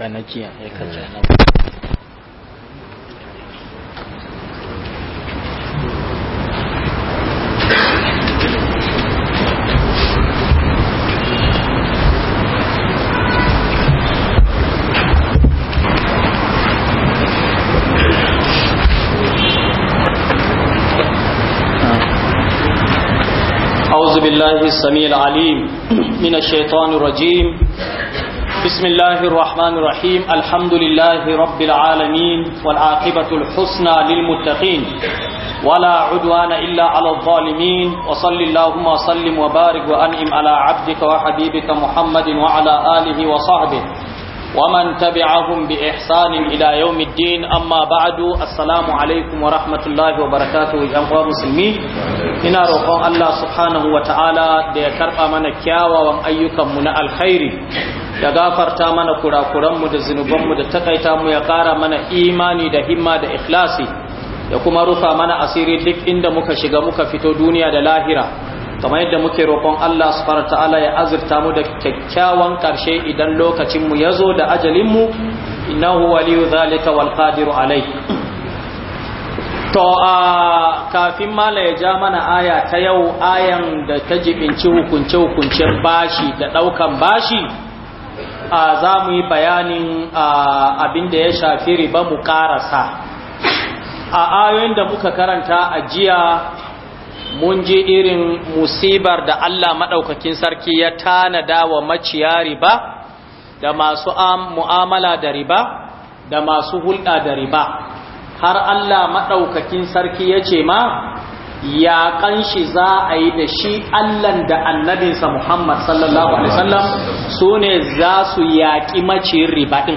faɗa na jiya ya na بالله السميع العليم من الشيطان الرجيم بسم الله الرحمن الرحيم الحمد لله رب العالمين والعاقبة الحسنى للمتقين ولا عدوان إلا على الظالمين وصل اللهم صلم وبارك وأنعم على عبدك وحبيبك محمد وعلى آله وصحبه ومن تبعهم بإحسان إلى amma ba'adu asalamu بعد السلام عليكم wa الله وبركاته يا musulmi. ina roƙon Allah subhanahu wa ta'ala da ya karɓa mana kyawawan ayyukanmu na alkhairi ya gafarta mana kurakuranmu da zunubanmu da takaita mu ya ƙara mana imani da himma da ikhlasi ya kuma rufa mana asiri duk inda muka shiga muka fito duniya da lahira kamar yadda muke roƙon Allah subhanahu ta'ala ya azurta mu da kyakkyawan ƙarshe idan lokacin mu yazo da ajalin mu innahu waliyu zalika wal qadiru alai to a kafin mala ya ja mana aya ta yau ayan da ta jibinci hukunce hukuncen bashi da daukan bashi a za mu yi bayanin abin da ya shafi riba mu karasa a ayoyin da muka karanta a jiya mun ji irin musibar da Allah maɗaukakin sarki ya tanada wa maciya riba da masu mu'amala da riba da masu hulɗa da riba har Allah maɗaukakin sarki ya ce ma ya shi za a yi da shi Allahn da annabinsa Muhammad sallallahu Alaihi wasallam su ne za su yaƙi maciyin riba ɗin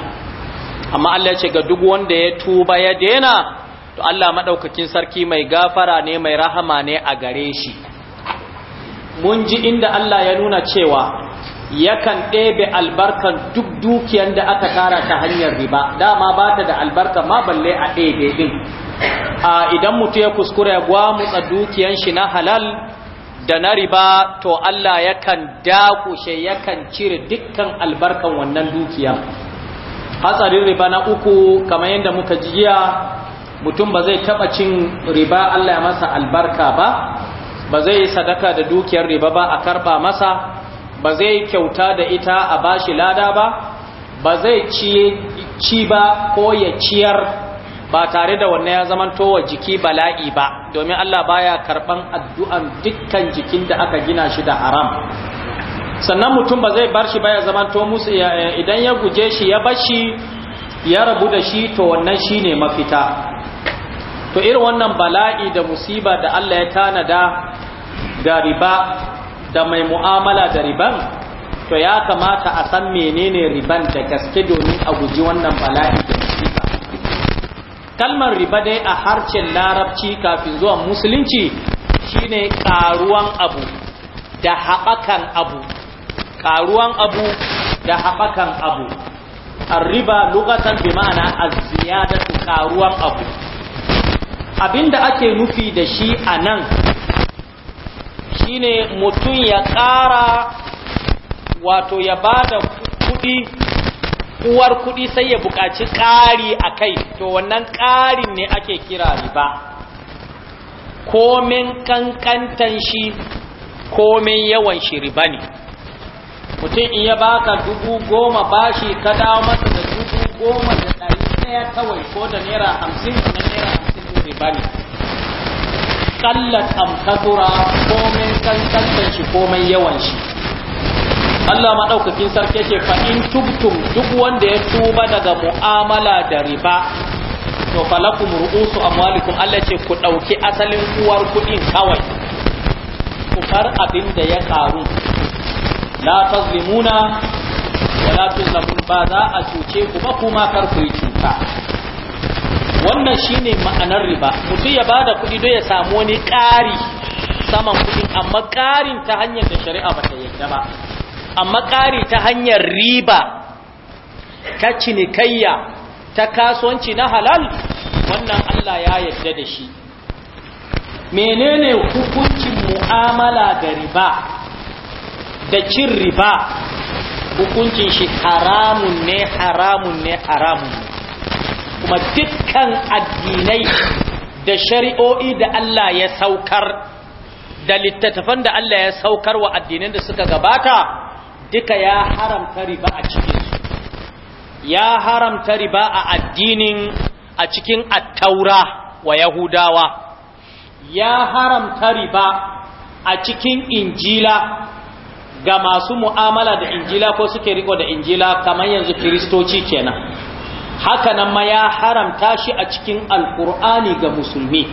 amma Allah ya ce ga duk wanda ya tuba ya dena to Allah madaukakin sarki mai gafara ne mai rahama ne a gare shi mun ji inda Allah ya nuna cewa yakan ɗebe albarkan duk dukiyar da aka kara ta hanyar riba dama ba ta da albarka ma balle a ɗebe a idan mutu ya kuskure ya gwamutsa dukiyar shi na halal da na riba to Allah yakan dakushe yakan cire dukkan albarkan wannan dukiya hatsarin riba na uku kamar yadda muka jiya mutum ba zai taɓa cin riba Allah ya masa albarka ba ba zai yi sadaka da dukiyar riba ba a karba masa ba zai kyauta da ita a bashi lada ba ba zai ci ba ko ya ciyar ba tare da wannan ya zamanto wa jiki bala'i ba domin Allah baya karban addu'an dukkan jikin da aka gina shi da haram sannan mutum ba zai bar shi ba ya zamanto musu idan ya guje shi ya bar shi ya rabu da shi to wannan shine mafita to irin wannan bala'i da musiba da Allah ya tanada da riba da mai mu'amala da riban to ya kamata a san menene riban da gaske domin a guji wannan bala'i da musiba kalmar riba dai a harshen larabci kafin zuwa musulunci shine karuwan abu da haɓakan abu karuwan abu da haɓakan abu arriba lugatan bi ma'ana az-ziyadatu karuwan abu abinda ake nufi da shi a nan shi ne mutum ya ƙara wato ya ba da kuɗi uwar kuɗi sai ya buƙaci ƙari a kai to wannan ƙarin ne ake kira riba komin ƙanƙantan shi komin yawan shi riba ne mutum in ya baka dubu goma bashi ka dawo masa da dubu goma da ɗari ɗaya kawai ko da naira hamsin da naira dutse bane kallat am komai kankantan shi komai yawan shi Allah madaukakin sarki ke fa’in tubtum duk wanda ya tuba daga mu'amala da riba to falakum ru'usu amwalikum Allah ce ku ɗauki asalin uwar kuɗin kawai ku far abin da ya karu la tazlimuna wa la tuzlamun ba za a cuce ku ba kuma kar ku cuta wannan shine ma'anar riba mutum ya bada kuɗi don ya samu wani ƙari saman kuɗin amma ƙarin ta hanyar da shari'a ba ta yadda ba amma ƙari ta hanyar riba ta cinikayya ta kasuwanci na halal wannan Allah ya yadda da shi menene hukuncin mu'amala da riba da cin riba hukuncin shi haramun ne haramun ne haramun ne kuma dukkan addinai da shari'o'i da Allah ya saukar da littattafan da Allah ya saukar wa addinan da suka gabata duka ya haramta riba a cikin ya haramta riba a addinin a cikin attaura wa yahudawa ya haramta riba a cikin injila ga masu mu'amala da injila ko suke riko da injila kamar yanzu kiristoci kenan haka nan ma ya haramta shi a cikin alkur'ani ga musulmi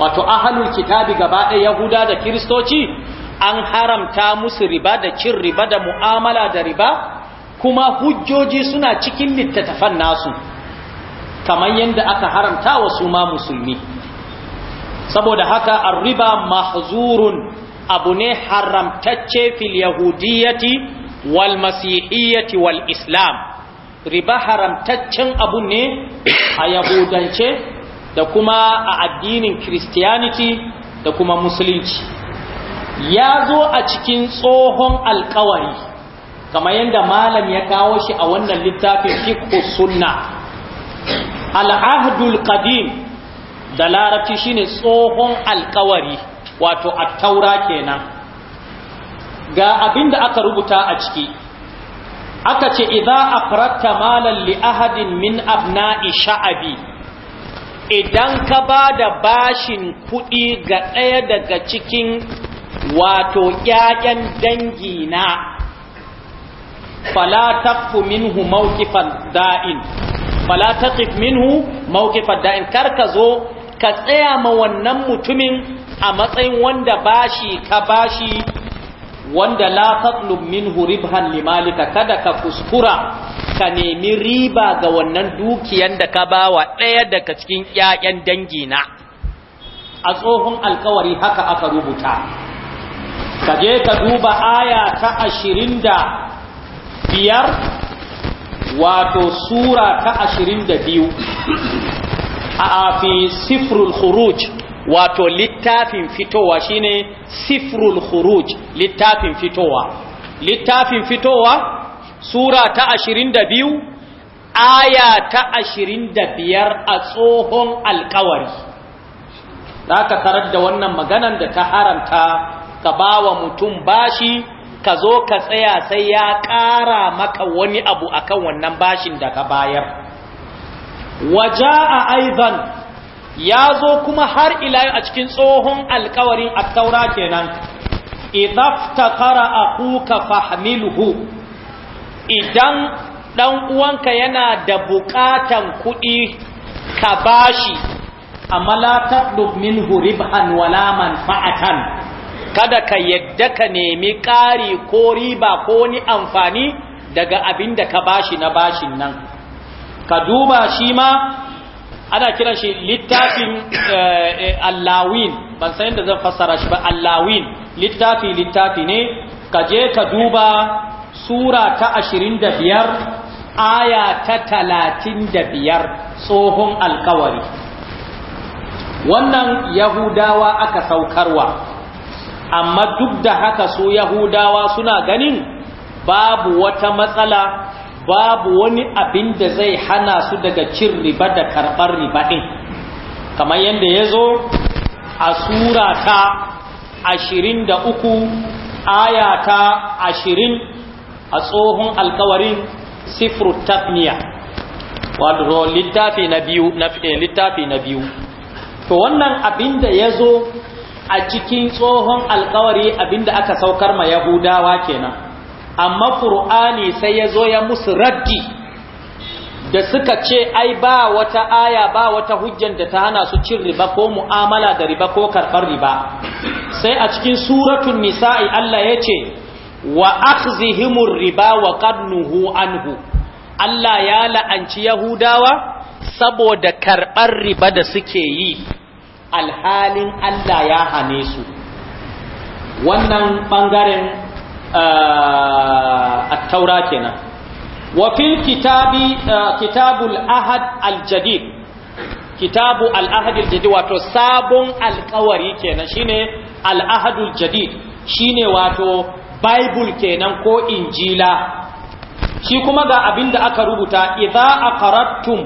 wato ahalul kitabi gaba ɗaya yahuda da kiristoci an haramta musu riba da cin riba da mu'amala da riba kuma hujjoji suna cikin littattafan nasu kamar yadda aka haramta wa su ma musulmi saboda haka arriba mahzurun abu ne haramtacce fil yahudiyyati wal masihiyyati wal islam riba haramtaccen abu ne a yahudance da kuma a addinin christianity da kuma musulunci ya zo a cikin tsohon alkawari kamar yadda malam ya kawo shi a wannan littafin fiqh sunna al'ahdul qadim da larabci shine tsohon alkawari wato taura kenan ga abin da aka rubuta a ciki aka ce idza aqratta malam li min abna'i sha'abi idan ka da bashin kuɗi ga ɗaya daga cikin wato 'ya'yan dangi na fala taqfu minhu da'in fala minhu da'in zo ka tsaya ma wannan mutumin a matsayin wanda bashi ka bashi wanda la tatlub minhu ribhan limalika kada ka kuskura ka nemi riba ga wannan dukiyan da ka bawa ɗaya daga cikin ƴaƴan dangina a tsohon alkawari haka aka rubuta Kaje ka duba aya ta ashirin da biyar wato sura ta ashirin da biyu a fi sifrul khuruj wato littafin fitowa shine sifrul khuruj littafin fitowa littafin fitowa sura ta 22 aya ta 25 a tsohon alkawari zaka tarar da wannan maganan da ta haramta ka bawa mutum bashi ka zo ka tsaya sai ya ƙara maka wani abu akan wannan bashin da ka bayar a aidan ya zo kuma har ila a cikin tsohon alkawarin attaura kenan a akuka fahmilhu idan dan uwanka yana da bukatan kuɗi ka bashi amma la taqdub minhu ribhan wala manfa'atan kada ka yadda ka nemi ƙari ko riba ko ni amfani daga abin da ka bashi na bashin nan ka duba shi ma ana kiran shi littafin eh, eh, allawin ban san yadda zan fassara shi ba allawin littafi littafi ne ka je ka duba sura ta 25 aya ta biyar tsohon alkawari wannan yahudawa aka saukarwa amma duk da haka su yahudawa suna ganin babu wata matsala babu wani abin da zai hana su daga cin riba da karɓar riba ɗin kamar yadda ya zo a sura ta ashirin da uku aya ta ashirin a tsohon alkawarin sifru tafniya littafi na biyu eh, littafi na biyu to wannan abin da ya zo a cikin tsohon alkawari abin da aka saukar ma yahudawa kenan amma qur'ani sai ya zo ya musu raddi da suka ce ai ba wata aya ba wata hujjan da ta hana su cin riba ko mu'amala da riba ko karɓar riba sai a cikin suratun nisa'i Allah ya ce wa akhzihimur riba wa qadnuhu anhu Allah ya la'anci yahudawa saboda karɓar riba da suke yi alhalin Allah ya hane su wannan bangaren. taura kenan wa fil kitabi kitabul ahad aljadid kitabu al-ahad aljadid wato sabon alƙawari kenan shine al-ahad aljadid shine wato bible kenan ko injila shi kuma ga abinda aka rubuta idza aqarattum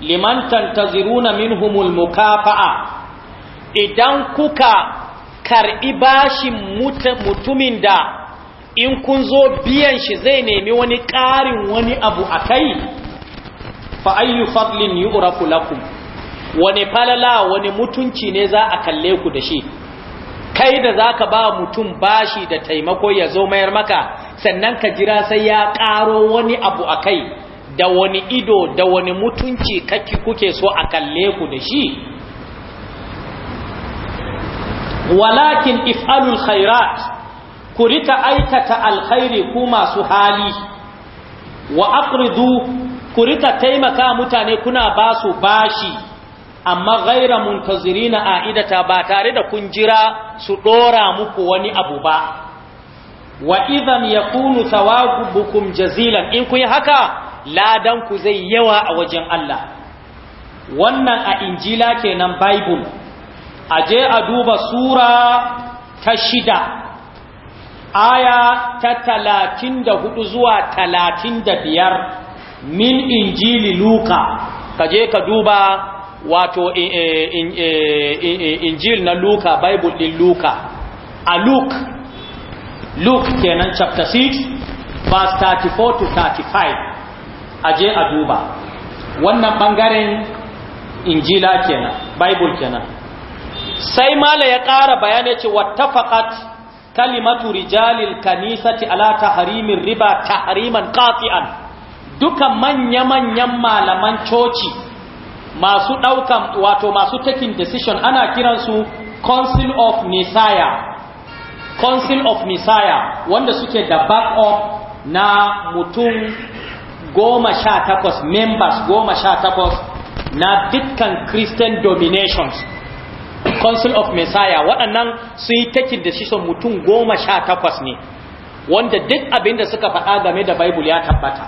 liman tantaziruna minhumul mukafa'a idan kuka karɓi bashin mutumin da in kun zo biyan shi zai nemi wani ƙarin wani abu a kai ayyu fadlin yi lakum wani falala wani mutunci ne za a kalle ku da shi kai da za ka ba mutum bashi da taimako ya zo mayar maka sannan ka jira sai ya ƙaro wani abu a kai da wani ido da wani mutunci kake kuke so a kalle ku da shi walakin if'alul khairat ku rika aikata alkhairi ku masu hali wa aqridu ku rika taimaka mutane kuna ba su bashi amma ghaira muntazirina aidata ba tare da kun jira su dora muku wani abu ba wa idan yakunu thawabukum jazilan in kun yi haka ladan ku zai yawa a wajen Allah wannan a injila kenan bible aje a duba sura ta shida aya ta talatin da hudu zuwa talatin da biyar min injili luka ka je ka duba wato eh, eh, eh, injil na luka bible din luka a luke luke kenan chapter 6 verse 34 to 35 a je a duba wannan bangaren injila kenan bible kenan sai mala ya ƙara bayanai ce wattafaqat kalimatu rijalil kanisati ala tahrimir riba tahriman qati'an duka manya-manyan malaman coci masu daukan wato masu taking decision ana kiransu council of nisaya council of nisaya wanda suke da back up na mutum goma sha takwas members goma sha takwas na dukkan christian dominations Council of messiah waɗannan sun yi takin da shi mutum goma sha takwas ne wanda duk abin da suka faɗa game da bible ya tabbata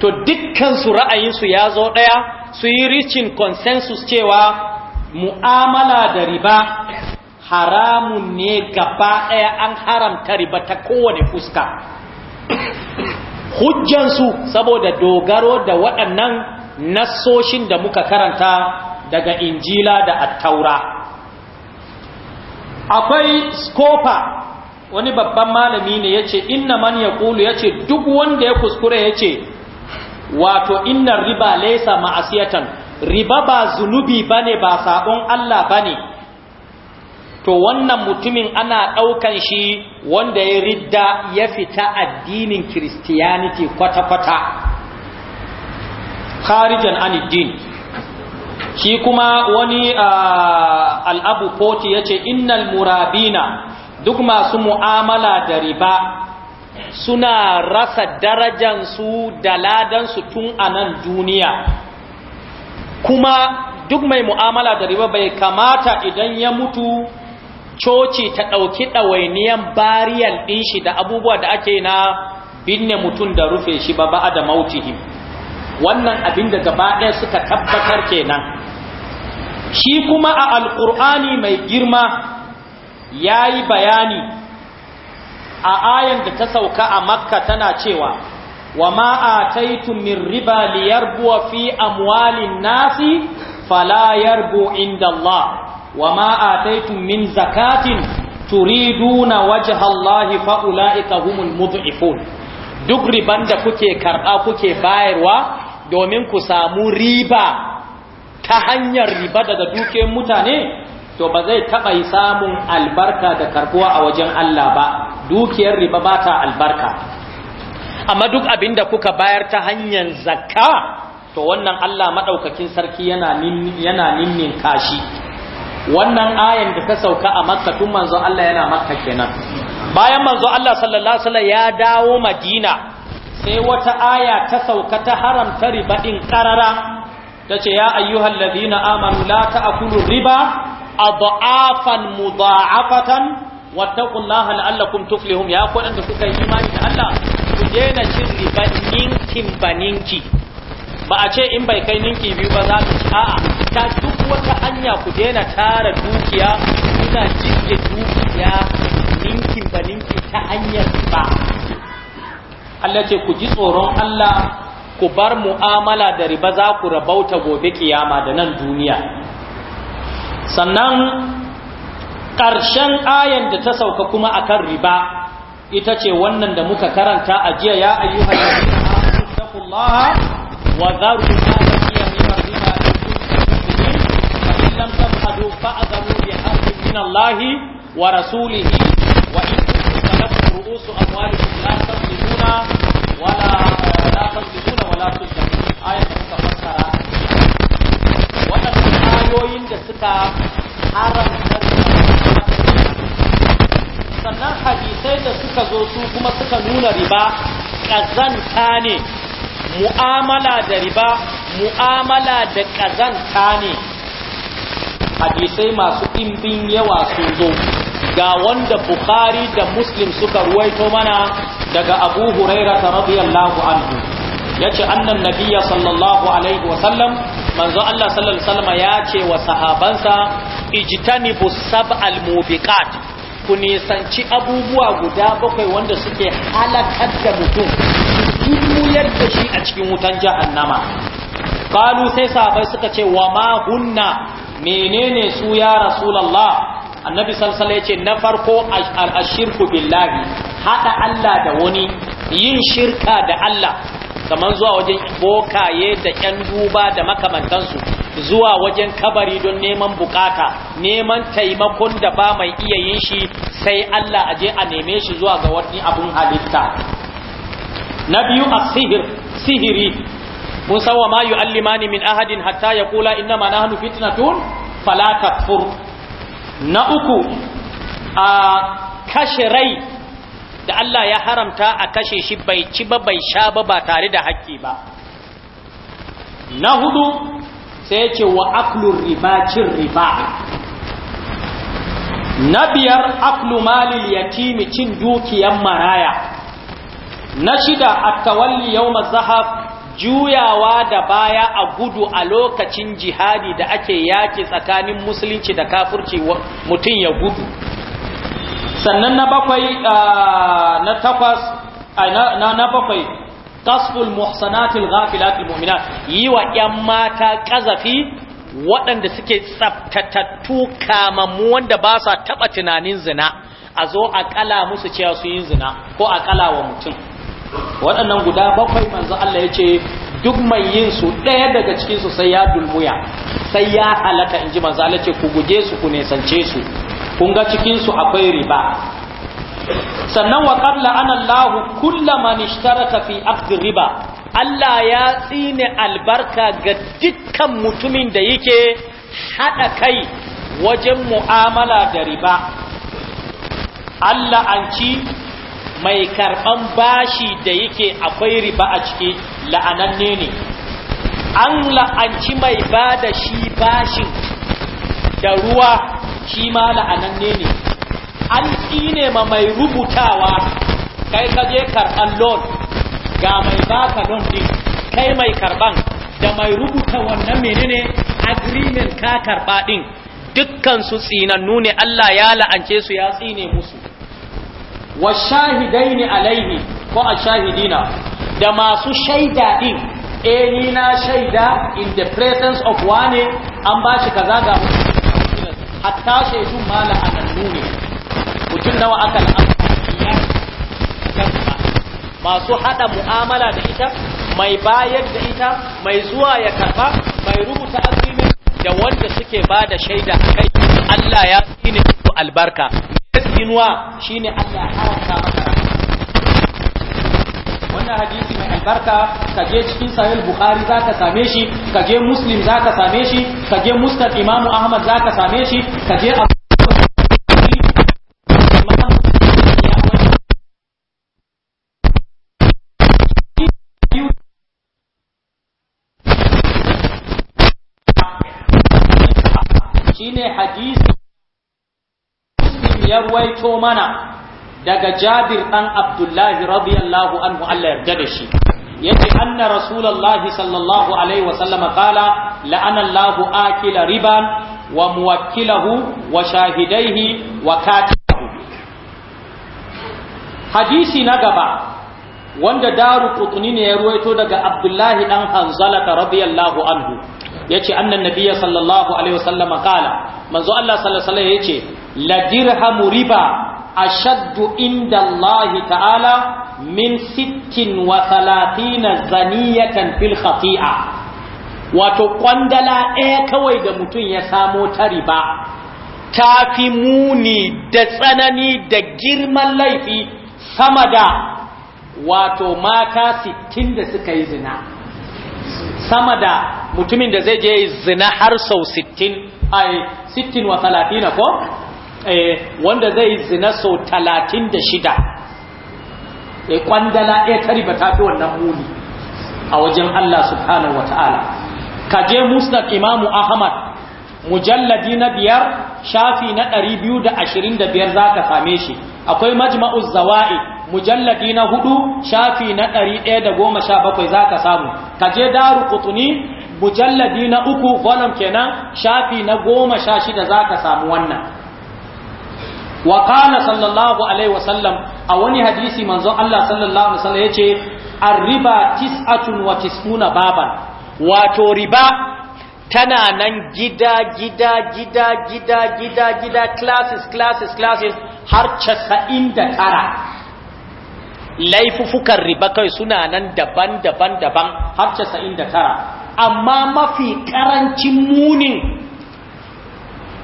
to dukkansu ra'ayinsu ya zo ɗaya su yi reaching consensus cewa mu'amala da riba haramun ne gaba ɗaya an haramta riba ta kowane fuska hujjansu saboda dogaro da waɗannan nassoshin da muka karanta daga injila da attaura akwai scopa, wani babban malami ne ya ce inna man ya kulu ya ce duk wanda ya kuskure ya ce wato inna riba laisa ma'asiyatan riba ba zunubi ba ne ba sabon Allah bane to wannan mutumin ana ɗaukan shi wanda ya ridda ya fita addinin christianity kwata-kwata kharijan aniddin shi kuma wani al'abu foti ya ce innal murabina duk masu mu'amala da riba suna rasa darajansu da ladansu tun a nan duniya kuma duk mai mu'amala da riba bai kamata idan ya mutu coci ta ɗauki ɗawainiyan bariyal ɗin shi da abubuwa da ake na binne mutum da rufe shi ba ba da mautihim wannan abin da gaba ɗaya suka tabbatar kenan shi kuma a alƙur'ani mai girma ya yi bayani a ayan da ta sauka a makka tana cewa wa ma'ataitu min riba liyarbuwa fi amwalin nasi fala yarbu inda Allah wa ma'ataitu min zakatin turiduna wajha Allah fa'ula'ika humul ifo? duk riban da kuke karɓa kuke bayarwa domin ku samu riba ta hanyar riba daga duke mutane to ba zai taɓa samun albarka da karbuwa a wajen Allah ba dukiyar riba ba ta albarka amma duk abin da kuka bayar ta hanyar zakka to wannan Allah maɗaukakin sarki yana ninnin kashi wannan ayan da ta sauka a makka tun manzo Allah yana makka kenan bayan manzo Allah sallallahu alaihi wasallam ya dawo madina sai wata aya ta sauka ta haramta riba ƙarara, ta ce ya ayyuhal ladina amanu la a riba adafan wata ƙunna la'allakum tuflihun ya kodan da kuka yi imani da Allah ku daina cin riba ninkin ninki. ba a ce in bai kai ninki biyu ba za ku ci a'a ta duk wata hanya ku daina tara dukiya kuna jirge dukiya ninkin ba ninki ta hanyar ba Allah ce ku ji tsoron Allah ku bar mu'amala da riba za ku rabauta gobe kiyama da nan duniya sannan ƙarshen ayan da ta sauka kuma akan riba ita ce wannan da muka karanta a jiya ya ayyuka da amanu wa dharu ma da min riba in kuntum mu'minin fa in lam taf'alu fa'adhabu bi min wa rasulihi wa in ru'usu تكتمون ولا لا تكتمون ولا تكتمون آية تفسر وأن الآيوين دستا حرم sannan hadisai da suka zo su kuma suka nuna riba ƙazanta ne mu'amala da riba mu'amala da ƙazanta ne hadisai masu ɗimbin yawa sun zo ga wanda Bukhari da Muslim suka ruwaito mana daga abu huraira ta radiyallahu anhu ya ce annan nabiya sallallahu alaihi wasallam manzo Allah sallallahu alaihi wasallam ya ce wa sahabansa ijtanibu sab'al mubiqat ku nisanci abubuwa guda bakwai wanda suke halakar da mutum dumuyar da shi a cikin wutan jahannama kalu sai sahabai suka ce wa ma hunna menene su ya rasulullah annabi sallallahu alaihi wasallam ya ce na farko ashirku billahi haɗa Allah da wani yin shirka da Allah kamar zuwa wajen bokaye da ƴan duba da makamantansu zuwa wajen kabari don neman bukata neman taimakon da ba mai iya yin shi sai Allah aje a neme shi zuwa ga wani abun halitta na biyu a sihir sihiri kun sawa ma yu'allimani min ahadin hatta yaqula inna ma nahnu fitnatun fala takfur na uku a kashe rai da Allah ya haramta a kashe shi bai ci ba bai sha ba ba tare da haƙƙi ba na hudu sai ce wa aklu riba cin riba na biyar aklu malil yatimi cin dukiyar maraya na shida a tawalli yau juyawa da baya a gudu a lokacin jihadi da ake yaki tsakanin musulunci da kafurci mutum ya gudu sannan na bakwai ah, na takwas ah, na bakwai tasful muhsanatil ghafilatil mu'minat yi wa ƴan mata kazafi waɗanda suke tsaftatattu kamammu wanda ba sa taɓa tunanin zina a zo a kala musu cewa su yi zina ko a kala wa mutum waɗannan guda bakwai manzo Allah ya ce duk mai yin su ɗaya daga cikinsu sai ya dulmuya sai ya halaka in ji manzo Allah ce ku guje su ku nesance su kun ga cikinsu akwai riba sannan wa ƙarla Allah kulla manishtaraka fi akdi riba Allah ya tsine albarka ga dukkan mutumin da yake haɗa kai wajen mu'amala da riba Allah an ci mai karɓan bashi da yake akwai riba a ciki la'ananne ne an la'anci mai ba da shi bashin da ruwa shi ma la'ananne ne an tsine ma mai rubutawa kai ka je karɓan loan ga mai baka loan din kai mai karɓan da mai rubuta wannan menene agreement ka karɓa din dukkan su tsinannu ne Allah ya la'ance su ya tsine musu wa shahidaini alaihi ko a shahidina da masu shaida ɗin. eh ni na shaida in the presence of wane an ba shi kaza ga hatta shaidun ma la'anannu ne mutum nawa aka la'anta ya masu hada mu'amala da ita mai bayar da ita mai zuwa ya karba mai rubuta azumi da wanda suke ba da shaida kai Allah ya tsine su albarka shi shine Allah ya haramta maka wani hadisi mai albarka ka je cikin sahih bukhari zaka same shi ka je muslim zaka same shi ka je imam imamu ahmad zaka same shi ka je shine hadisi muslim ya ruwaito mana daga Jabir ɗan Abdullahi radiyallahu anhu Allah yarda da shi yace anna rasulullahi sallallahu alaihi wa sallama qala la'ana Allahu akila riban wa muwakkilahu wa shahidaihi wa katibahu hadisi na gaba wanda daru qutni ne ya ruwaito daga Abdullahi ɗan Hanzala radiyallahu anhu yace annan nabiyya sallallahu alaihi wa sallama qala manzo Allah sallallahu alaihi yace la dirhamu riba ashaddu inda Allah ta'ala min sittin wa talatina zaniyatan fil wato kwandala ɗaya kawai da mutum ya samo ta riba ta fi muni da tsanani da girman laifi sama da wato mata sittin da suka yi zina sama da mutumin da zai je yi zina har sau sittin ai sittin wa talatina ko Eh, wanda zai zina sau talatin da shida ya eh, kwandala ya kari ba tafi wannan muni a wajen Allah subhanahu wa ta'ala ka je musnad imamu ahmad mujalladi na biyar shafi na ɗari biyu da ashirin da biyar za ka same shi akwai majma'uz zawa'i mujalladi na hudu shafi na ɗari ɗaya da goma sha bakwai za ka samu ka je daru kutuni mujalladi na uku volum kenan shafi na goma sha shida za ka samu wannan wa qala sallallahu alaihi wasallam a wani hadisi manzon Allah sallallahu alaihi wasallam yace arriba tis'atun wa tis'una baban wato riba tana nan gida gida gida gida gida gida classes classes classes har 99 laifufukan riba kai suna nan daban-daban daban har 99 amma mafi ƙarancin munin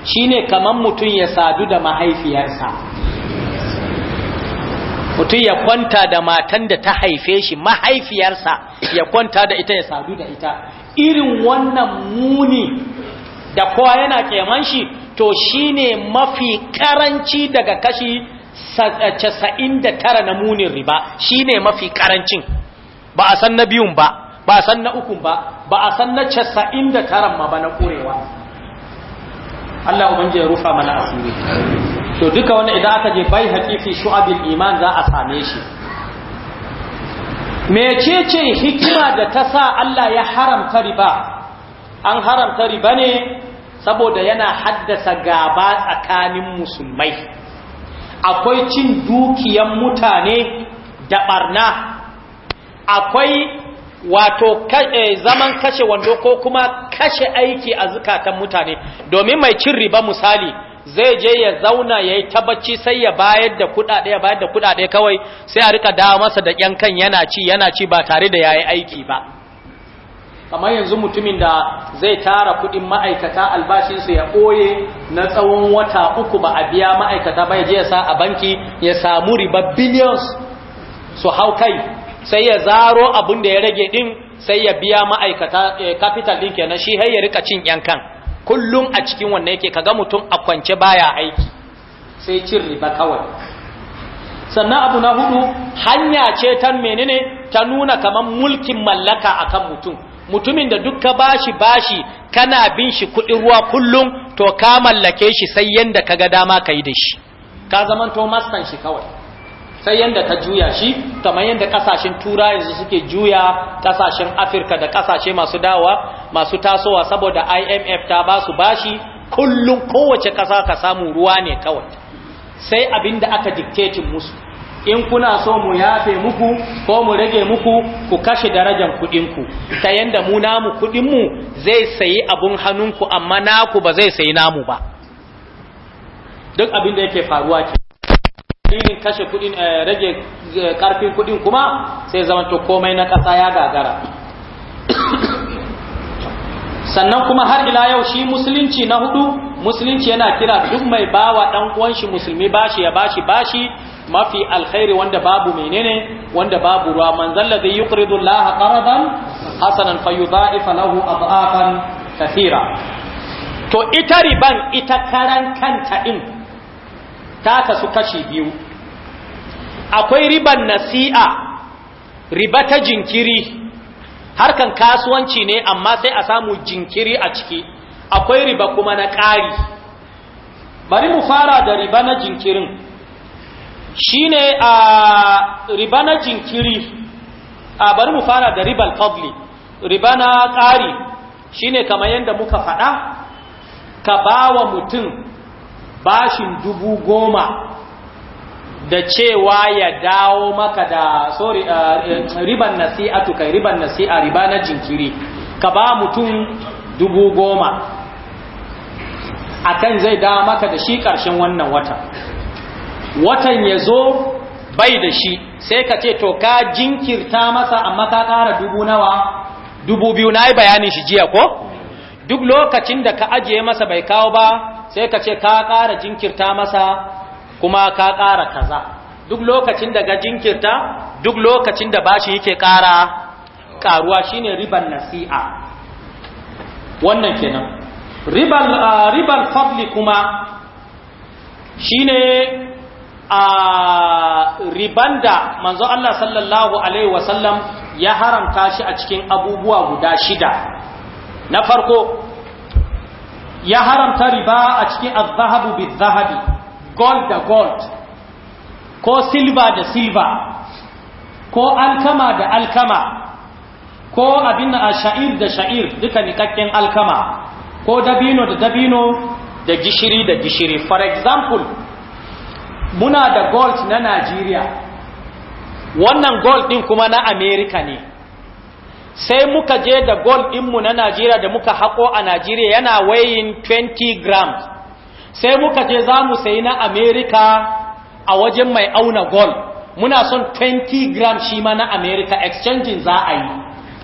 shine kaman mutum ya sadu da mahaifiyarsa mutum ya kwanta da matan da ta haife shi mahaifiyarsa ya kwanta da ita ya sadu da ita irin wannan muni da kowa yana keman shi to shine mafi karanci daga kashi 99 na munin riba shine mafi karancin ba a san na biyun ba ba a san na ukun ba ba a san na 99 ma ba na kurewa Allah ubangiji ya rufa mana asiri to duka wannan idan aka je bai haƙiƙi shu'abil iman za a same shi mecece hikima da ta sa Allah ya haramta riba an haramta riba ne saboda yana haddasa gaba tsakanin musulmai akwai cin dukiyan mutane da barna akwai wato eh, zaman kashe wando ko kuma kashe aiki a zukatan mutane domin mai cin riba misali zai je ya zauna ya yi tabbaci sai ya bayar da kudade ya bayar da kudade kawai sai a rika dawo masa da yan kan yana ci yana ci ba tare da yayi aiki ba kamar yanzu mutumin da zai tara kudin ma'aikata albashinsu ya ɓoye na tsawon wata uku ba a biya ma'aikata ba ya je ya sa a banki ya samu riba billions su hau kai sai ya zaro abin da ya rage din sai ya biya ma'aikata eh, capital din kenan shi har ya rika cin yankan kullum a cikin wannan yake kaga mutum a kwance baya aiki sai cin riba kawai sannan abu na hudu hanya ce ta menene ta nuna kaman mulkin mallaka akan mutum mutumin da dukka bashi bashi kana bin shi kudin ruwa kullum to ka mallake shi sai yanda kaga dama kai da shi ka zamanto mastan shi kawai sai yadda ta juya shi kamar yadda kasashen tura yanzu suke juya kasashen afirka da kasashe masu dawa masu tasowa saboda imf ta ba su bashi kullum kowace kasa ka samu ruwa ne kawai sai abinda aka diktetin musu in kuna so mu yafe muku ko mu rage muku ku kashe darajar kuɗinku ta yanda mu namu mu zai sayi abun hannunku amma naku ba zai sayi namu ba duk abin da yake faruwa ke yin kashe kudin eh, rage eh, karfin kudin kuma sai zamanto komai na ƙasa ya gagara sannan kuma har ila yau shi musulunci na hudu musulunci yana kira duk mai bawa dan uwan shi musulmi bashi ya bashi bashi mafi alkhairi wanda babu menene wanda babu ruwa manzal ladhi yuqridu Allah qaradan hasanan fayudha'ifa lahu adhafan kathira to ita riban ita karan kanta din ta kasu kashi biyu akwai riban nasi'a riba ta jinkiri harkan kasuwanci ne amma sai a samu jinkiri a ciki akwai riba kuma na ƙari bari mu fara da riba na jinkirin Shi ne, a riba na jinkiri a bari mu fara da ribal fadli riba na ƙari shi ne kamar yadda muka faɗa ka ba wa mutum bashin dubu goma da cewa ya dawo maka da sorry uh, uh, riban nasi'atu kai riban nasi'a riba na jinkiri ka ba mutum dubu goma akan zai dawo maka da shi ƙarshen wannan wata watan ya zo bai da shi sai ka ce to ka jinkirta masa amma ka ƙara dubu nawa dubu biyu na yi bayanin shi jiya ko duk lokacin da ka ajiye masa bai kawo ba sai ka ce ka ƙara jinkirta masa kuma ka ƙara kaza duk lokacin da ga jinkirta duk lokacin da bashi yake ƙara ƙaruwa shine riban nasi'a wannan kenan riban riban fadli kuma shine a riban da manzo Allah sallallahu alaihi wasallam ya haramta shi a cikin abubuwa guda shida na farko ya haramta riba a cikin azahabu bi zahabi gold da gold ko silva da silva ko alkama da alkama ko abin a sha'ir da sha'ir duka nikakken alkama ko dabino da dabino da gishiri da gishiri for example muna da gold na Najeriya wannan gold din kuma na America ne sai muka je da gold ɗinmu na Najeriya da muka hako a Najeriya yana weighing 20 grams sai muka je za mu sayi na America a wajen mai auna gold muna son 20 grams shi ma na America exchanging za a yi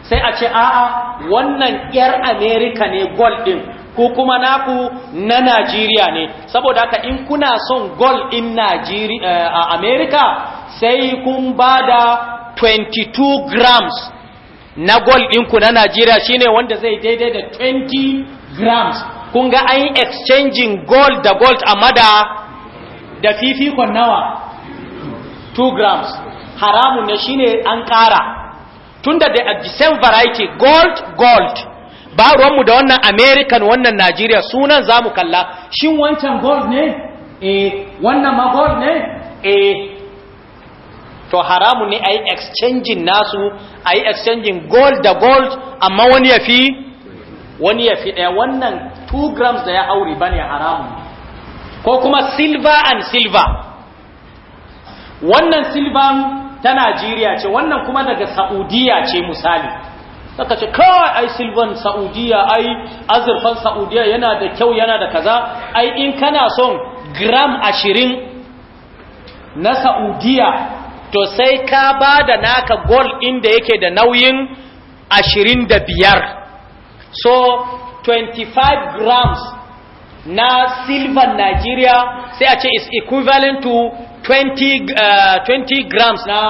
sai a ce a'a wannan 'yar America ne gold ɗin ko kuma naku na Najeriya ne saboda haka in kuna son gold ɗin Najeriya eh, a America sai kun bada da 22 grams na gold ku na Najeriya shine wanda zai daidai da 20 grams kun ga an yi exchanging gold da gold amma da fifikon nawa 2 grams haramun ne shine an ƙara tunda da a same variety gold gold ba ruwanmu da wannan american wannan Najeriya sunan za mu kalla shin wancan gold ne eh wannan ma gold ne eh to haramu ne a yi exchanging nasu a yi exchanging gold da gold amma wani ya fi wani ya fi ɗaya wannan 2 grams da ya aure ba ne ko kuma silver and silver wannan silver ta najeriya ce wannan kuma daga saudiya ce misali saka ce kawai ai silvan saudiya ai azurfan saudiya yana da kyau yana da kaza ai in kana son gram ashirin na saudiya to sai ka ba da naka gol inda yake da nauyin 25 so 25 grams na silver Nigeria sai a ce is equivalent to 20, uh, 20 grams na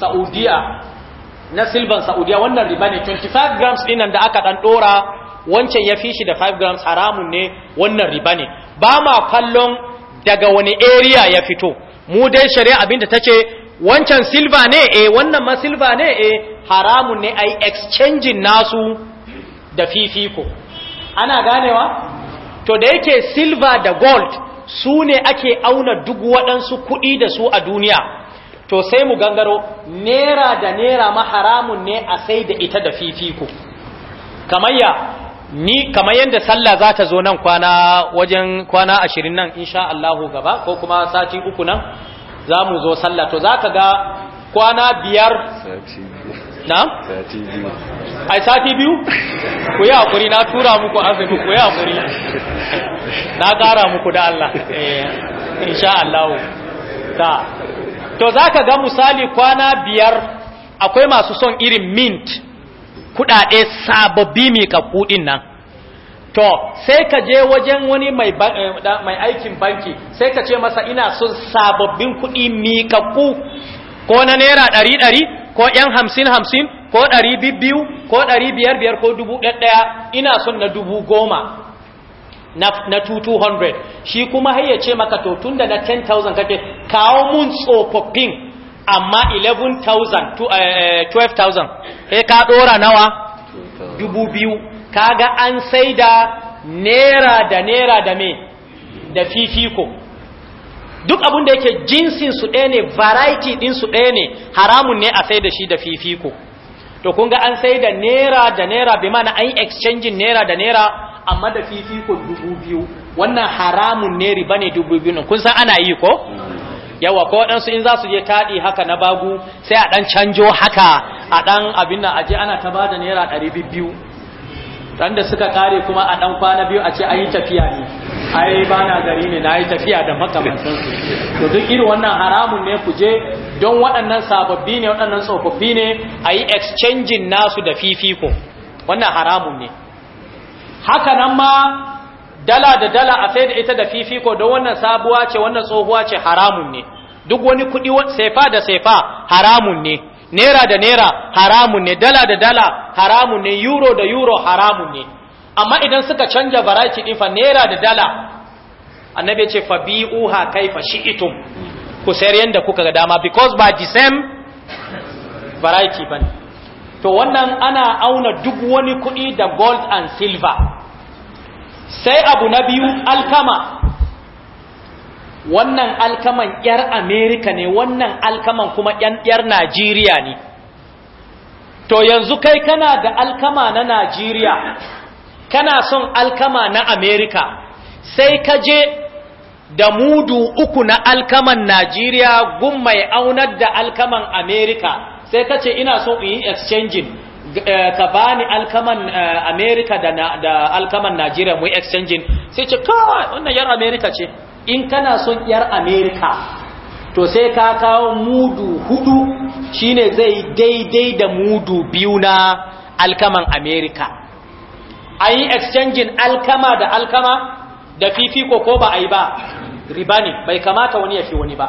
Saudiya na silver Saudiya wannan riba ne 25 grams dinan da aka dan dora wancan ya fi shi da 5 grams haramun ne wannan riba ne ba ma kallon daga wani area ya fito mu dai shari'a abinda ta ce wancan silva ne E wannan ma silva ne e haramun ne ai exchanging nasu da fifiko ana ganewa to da yake silva da gold su ne ake auna duk waɗansu kuɗi da su a duniya to sai mu gangaro nera da nera ma haramun ne a sai da ita da fifiko kamar ni kamar yadda sallah za ta zo nan kwana wajen kwana ashirin nan insha Allah gaba ko kuma sati uku nan za mu zo sallah to za ka ga kwana biyar na? sati biyu ai sati biyu? ku yi haƙuri na tura muku azumi ku yi haƙuri na ƙara muku da Allah eh, insha Allah ta to za ka ga misali kwana biyar akwai masu son irin mint kudade sababbi mai kakudin nan to sai ka je wajen wani eh, mai aikin banki sai ka ce masa ina son sababbin kuɗi miƙaƙƙu ko na naira ɗari ɗari ko ‘yan hamsin hamsin ko ɗari biyu ko ɗari biyar biyar ko dubu ɗaya ina son na dubu goma na 2,200 shi kuma hayya ce maka to tun da na 10,000 kake kawo mun tsofaffin amma 11,000 12,000 eh, eh, sai ka dora nawa Dubu biyu. kaga an saida nera da nera da me da fifiko duk abin da yake jinsin su ɗaya ne variety ɗin su ɗaya ne haramun ne a sai da shi da fifiko to kun ga an saida nera da nera bi mana an yi exchanging nera da nera amma da fifiko dubu biyu wannan haramun ne riba ne dubu biyu kun san ana yi ko yawa ko waɗansu in za su je taɗi haka na bagu sai a ɗan canjo haka a ɗan abin nan aje ana ta ba da naira ɗari biyu Randa suka kare kuma a dan kwana biyu a ce a yi tafiya ne ai ba na gari ne na yi tafiya da makamantan to duk irin wannan haramun ne kuje don waɗannan sababbi ne waɗannan tsofaffi ne a yi exchanging nasu da fifiko wannan haramun ne haka nan ma dala da dala a sai da ita da fifiko don wannan sabuwa ce wannan tsohuwa ce haramun ne duk wani kuɗi saifa da saifa haramun ne naira da naira haramun ne dala da dala haramun ne euro da euro haramun ne amma idan suka canja variety din fa naira da dala annabi ce fa bi'uha kaifa ku sayar yanda kuka ga dama because by the same variety ban to wannan ana auna duk wani kuɗi da gold and silver sai abu na biyu alkama wannan alkaman ‘yar Amerika ne, wannan alkaman kuma 'yan ‘yar Najeriya ne. To yanzu kai kana da alkama na Najeriya, kana son alkama na Amerika, sai ka je da mudu uku na alkaman Najeriya gun mai aunar da alkaman Amerika, sai ka ce ina so in yi exchanging. Eh, ka bani alkaman eh, Amerika da alkaman Najeriya mu exchanging sai ce kawai wannan yar Amerika ce in kana son yar amerika to sai ka kawo mudu hudu shine zai daidai da mudu biyu na alkaman amerika A yi exchanging alkama da alkama da fifiko ko ba a yi ba riba bai kamata wani ya fi wani ba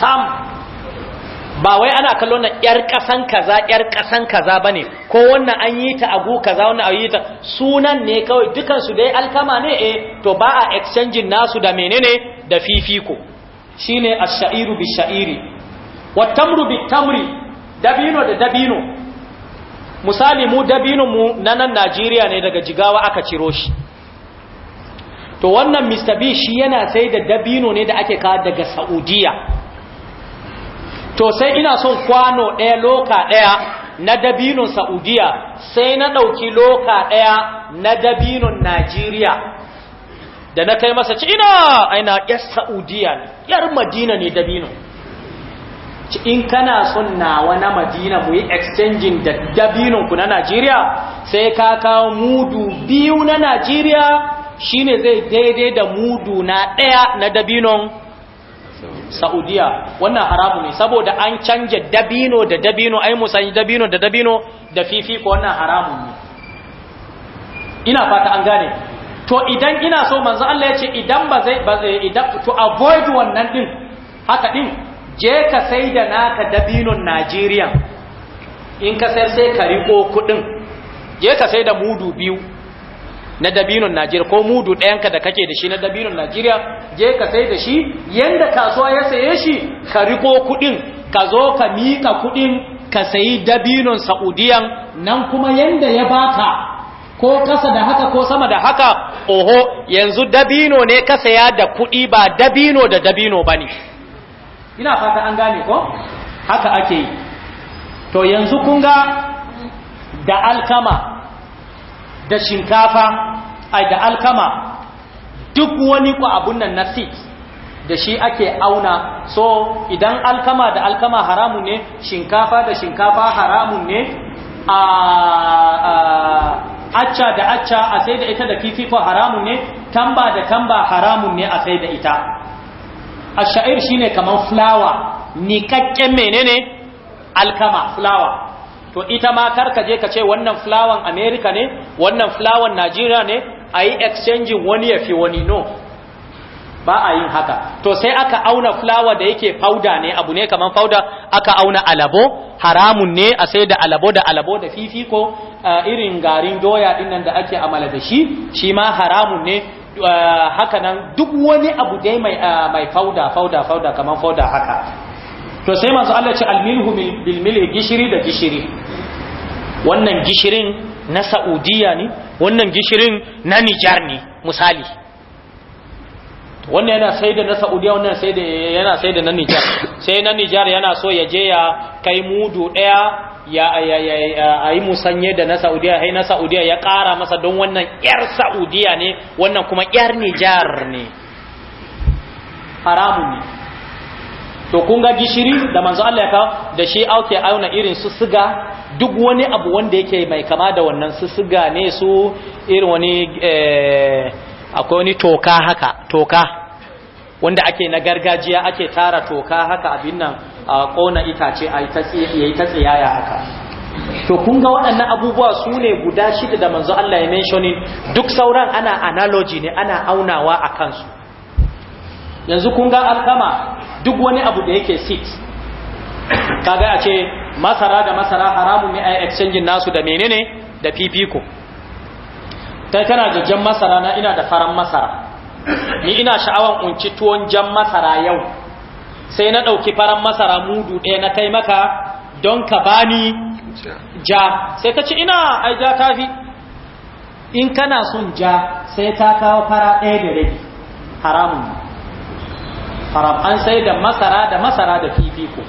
sam ba wai ana kallon na yar kasan kaza yar kasan kaza bane ko wannan an yi ta agu kaza wannan an yi ta sunan ne kawai dukan su dai alkama ne eh to ba a exchanging nasu da menene da fifiko shine ash-sha'iru bi-sha'iri wa tamru bi-tamri dabino da dabino misali mu dabino mu na nan Najeriya ne daga jigawa aka ciro shi to wannan Mr B shi yana sai da dabino ne da ake kawo daga Saudiya to sai ina son kwano ɗaya loka ɗaya na dabinon saudiya sai na ɗauki loka ɗaya na dabinon najeriya da na kai masa ci ina aina yar saudiya ne yar madina ne dabinon. ci in kana son nawa na madina mu yi exchanging da dabinon ku na najeriya sai ka kawo mudu biyu na najeriya shine zai daidai da mudu na ɗaya na dabinon Saudiya wannan haramu ne saboda an canja dabino da dabino ai musanyi dabino da dabino da fifiko wannan haramun ne ina fata an gane to idan ina so manzo Allah ya ce idan ba zai idan to avoid wannan din haka din je ka sai da naka dabinon Najeriya in ka sayar sai ka riko kudin je ka sai da mudu biyu na dabinon Najeriya ko mudu ɗayanka da kake da shi na dabinon Najeriya je ka sai da shi yanda kasuwa ya saye shi ka riko kuɗin ka zo ka mika kuɗin ka sayi dabinon Saudiyan nan kuma yanda ya baka ko kasa da haka ko sama da haka oho yanzu dabino ne ka saya da kuɗi ba dabino da dabino ba ne ina fata an gane ko haka ake yi to yanzu kun ga da alkama da shinkafa da alkama duk wani ku abun nan na sit da shi ake auna so idan alkama da alkama haramun ne shinkafa da shinkafa haramun ne a acca da acca a sai da ita da kifi ko haramun ne tamba da tamba haramun ne a sai da ita ashair shine kaman fulawa kakken menene alkama fulawa to ita ma kar ka je ka ce wannan fulawan America ne wannan fulawan Najeriya ne a yi wani ya fi wani no ba a yin haka to sai aka auna fulawa da yake fauda ne abu ne kamar fauda aka auna alabo haramun ne a sai da alabo da alabo da fifiko uh, irin garin doya dinnan da ake amala da shi shi ma haramun ne uh, haka nan duk wani abu dai mai fauda fauda fauda kamar fauda haka to sai masu Allah ce almilhu bil mili gishiri da gishiri wannan gishirin na Saudiya ne wannan gishirin na Nijar ne misali wannan yana sai da na Saudiya wannan sai da yana sai da na Nijar sai na Nijar yana so ya je ya kai mudu daya ya ayi musanye da na Saudiya sai na Saudiya ya kara masa don wannan yar Saudiya ne wannan kuma yar Nijar ne haramun ne to kun ga gishiri da manzo Allah ya kawo da shi auke auna irin su siga duk wani abu wanda yake mai kama da wannan su siga ne su irin wani eh, akwai wani toka haka toka wanda ake na gargajiya ake tara toka haka abin nan a kona itace a yi ta tsiyaya haka to kun ga waɗannan abubuwa su ne guda shida da manzo Allah ya mentioning duk sauran ana analogy ne ana aunawa a kansu yanzu kun ga alkama duk wani abu da yake sit kaga a ce masara da masara haramun ne a exchange nasu da menene da fifiko kai kana da jan masara na ina da faran masara ni ina sha'awan unci tuwon jan masara yau sai na ɗauki faran masara mudu ɗaya na kai maka don ka bani ja sai ka ci ina ai ja fi in kana son ja sai ta kawo fara ɗaya da rabi haramun haram an sai da masara da masara da fifiko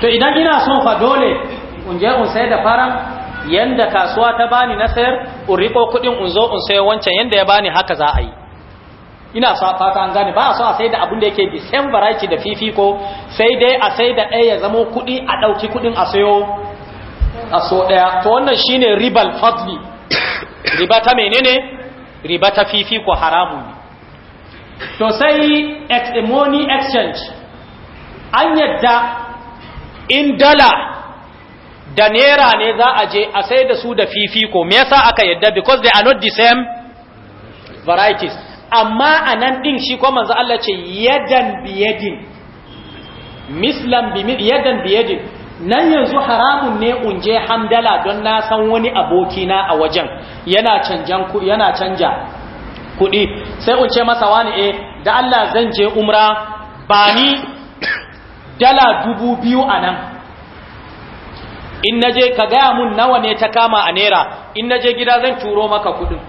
to idan ina son fa dole in je in sai da faran yanda kasuwa ta bani na sayar in riko kudin in zo in sayo wancan yanda ya bani haka za a yi ina sa fata an gane ba a so a sai da abin da yake the same variety da fifiko sai dai a sai da ɗaya ya zama kudi a ɗauki kudin a sayo a so ɗaya to wannan shine ribal fadli riba ta menene riba ta fifiko haramun to sai money exchange an yadda in dala da naira ne za a je a sai da su da fifiko me yasa aka yadda because they are not the same varieties amma a nan ɗin shi kuma manzo Allah ce yadan biyadin mislan bi yadan biyadin nan yanzu haramun ne unje hamdala don na san wani abokina a wajen yana canjan yana canja kuɗi sai in masa wani eh da Allah zan je umra ba ni dala dubu biyu a nan in naje ka gaya mun nawa ne ta kama a naira in naje gida zan turo maka kuɗin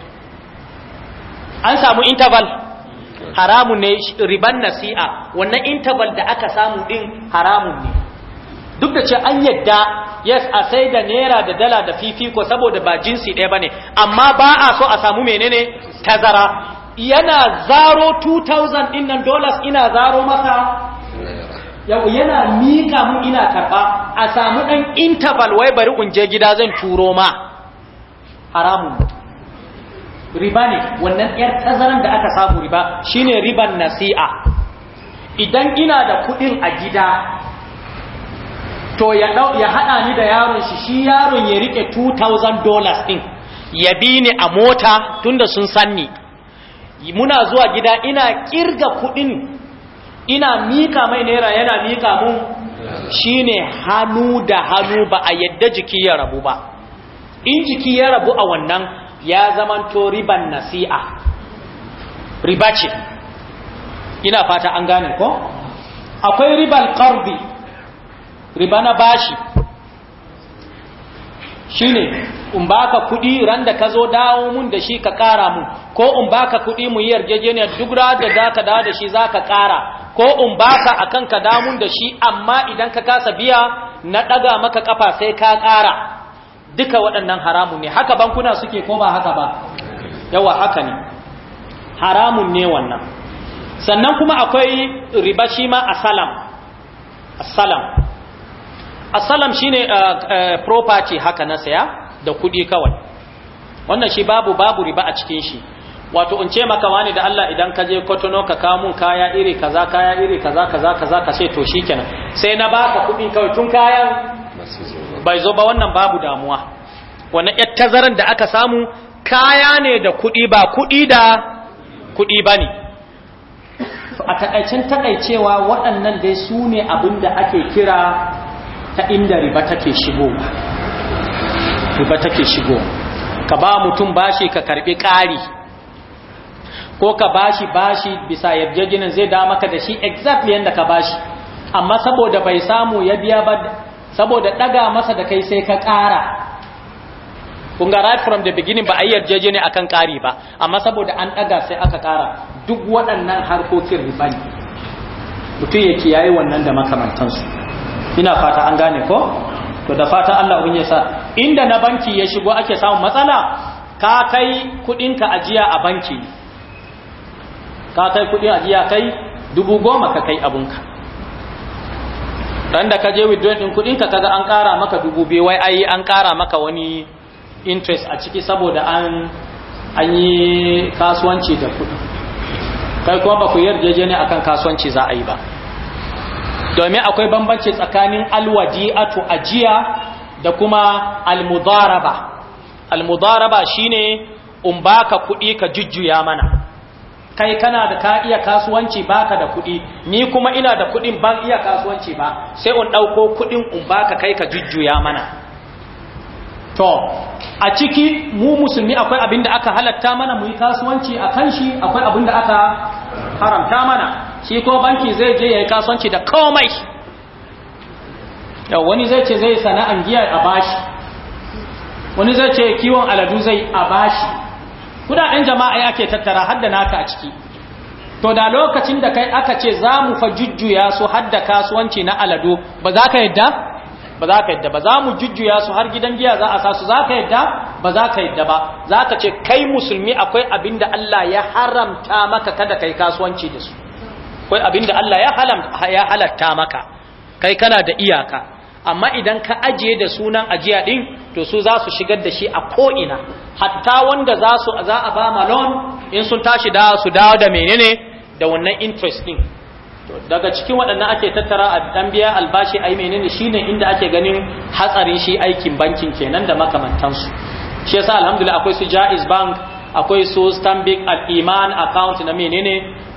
an samu interval haramun ne riban nasi'a wannan interval da aka samu ɗin haramun ne duk da ce an yadda yes a sai da naira da dala da fifiko saboda ba jinsi ɗaya ba ne amma ba a so a samu menene tazara yana zaro 2000 ɗin nan dollars ina zaro masa yau yana mika mu ina karɓa a samu ɗan interval wai bari unje gida zan turo ma haramun riba ne wannan 'yar tazaran da aka samu riba shine riban nasi'a idan ina da kuɗin a gida to ya ya hada ni da yaron shi shi yaron ya rike 2000 dollars din ya bi ni a mota tunda sun sanni muna zuwa gida ina kirga kudin ina mika mai naira yana mika mun shine hanu da hanu ba a yadda jiki ya rabu ba in jiki ya rabu a wannan ya to riban nasi'a riba ce ina fata an gane ko akwai ribal qardi riba na bashi shine in baka kuɗi ran da ka zo dawo mun da shi ka ƙara mun ko in baka kuɗi mu yi yarjejeniya duk da zaka dawo da shi za ka ko in baka akan ka dawo mun da shi amma idan ka kasa biya na ɗaga maka kafa sai ka kara duka waɗannan haramu ne haka bankuna suke ko ba haka ba yawa haka ne haramun ne wannan sannan kuma akwai riba shi ma asalam asalam asalam shine uh, uh, property haka na saya da kudi kawai wannan shi babu babu riba a cikin shi wato in ce maka wani da Allah idan ka je kotono ka kawo mun kaya iri kaza kaya iri kaza kaza kaza ka ce to shikenan sai na baka kudi kawai tun kayan bai zo ba wannan babu damuwa wannan yar tazaran da aka samu kaya ne da kudi ba kudi da kudi ne. a takaicen takaicewa waɗannan dai su ne abin da ake kira ta inda riba take shigo, riba take shigo ka ba mutum bashi ka karbi kari ko ka bashi bashi bisa yarjejenin zai da maka da shi exactly yadda ka bashi amma saboda bai samu ya biya ba saboda daga masa da kai sai ka ƙara kun ga right from the beginning ba a yi yarjejeni akan kari ba amma saboda an daga sai aka kara duk waɗannan harkokin riba ne mutum ya kiyaye wannan da makamantansu ina fata an gane ko to da fata Allah abin ya sa inda na banki ya shigo ake samun matsala ka kai ka ajiya a banki ka kai kudin ajiya kai dubu goma ka kai ka. dan da ka je withdraw din ka kaga an kara maka dubu biyu wai ai an kara maka wani interest a ciki saboda an an yi kasuwanci da kudi kai kuma ba ku yarjeje ne akan kasuwanci za a yi ba domin akwai bambanci tsakanin alwaji'atu ajiya da kuma almudaraba almudaraba shine in baka kuɗi ka jujjuya mana kai kana da ka iya kasuwanci baka da kuɗi ni kuma ina da kuɗin ban iya kasuwanci ba sai in ɗauko kuɗin in baka kai ka jujjuya mana to a ciki mu musulmi akwai abinda aka halatta mana mu yi kasuwanci akan shi akwai abin da aka haramta mana shi ko banki zai je ya yi kasuwanci da komai yau wani zai ce zai sana'an giya a bashi wani zai ce kiwon aladu zai a bashi kudaden jama'a ake tattara hadda naka a ciki to da lokacin da kai aka ce za mu fa jujjuya su hadda kasuwanci na aladu ba za ka yadda ba za ka yadda ba za mu jujjuya su har gidan giya za a sa su za ka yadda ba za ka yadda ba za ka ce kai musulmi akwai abin da Allah ya haramta maka kada kai kasuwanci da su akwai abinda Allah ya halamta ya halatta maka kai kana da iyaka amma idan ka ajiye da sunan ajiya din to su za su shigar da shi a ko'ina hatta wanda za su za a ba malon in sun tashi da su dawo da menene da wannan interest din daga cikin waɗannan ake tattara a dan biya albashi ai menene shine inda ake ganin hatsarin shi aikin bankin kenan da makamantansu shi yasa alhamdulillah akwai su jaiz bank akwai su stanbic al-iman account na menene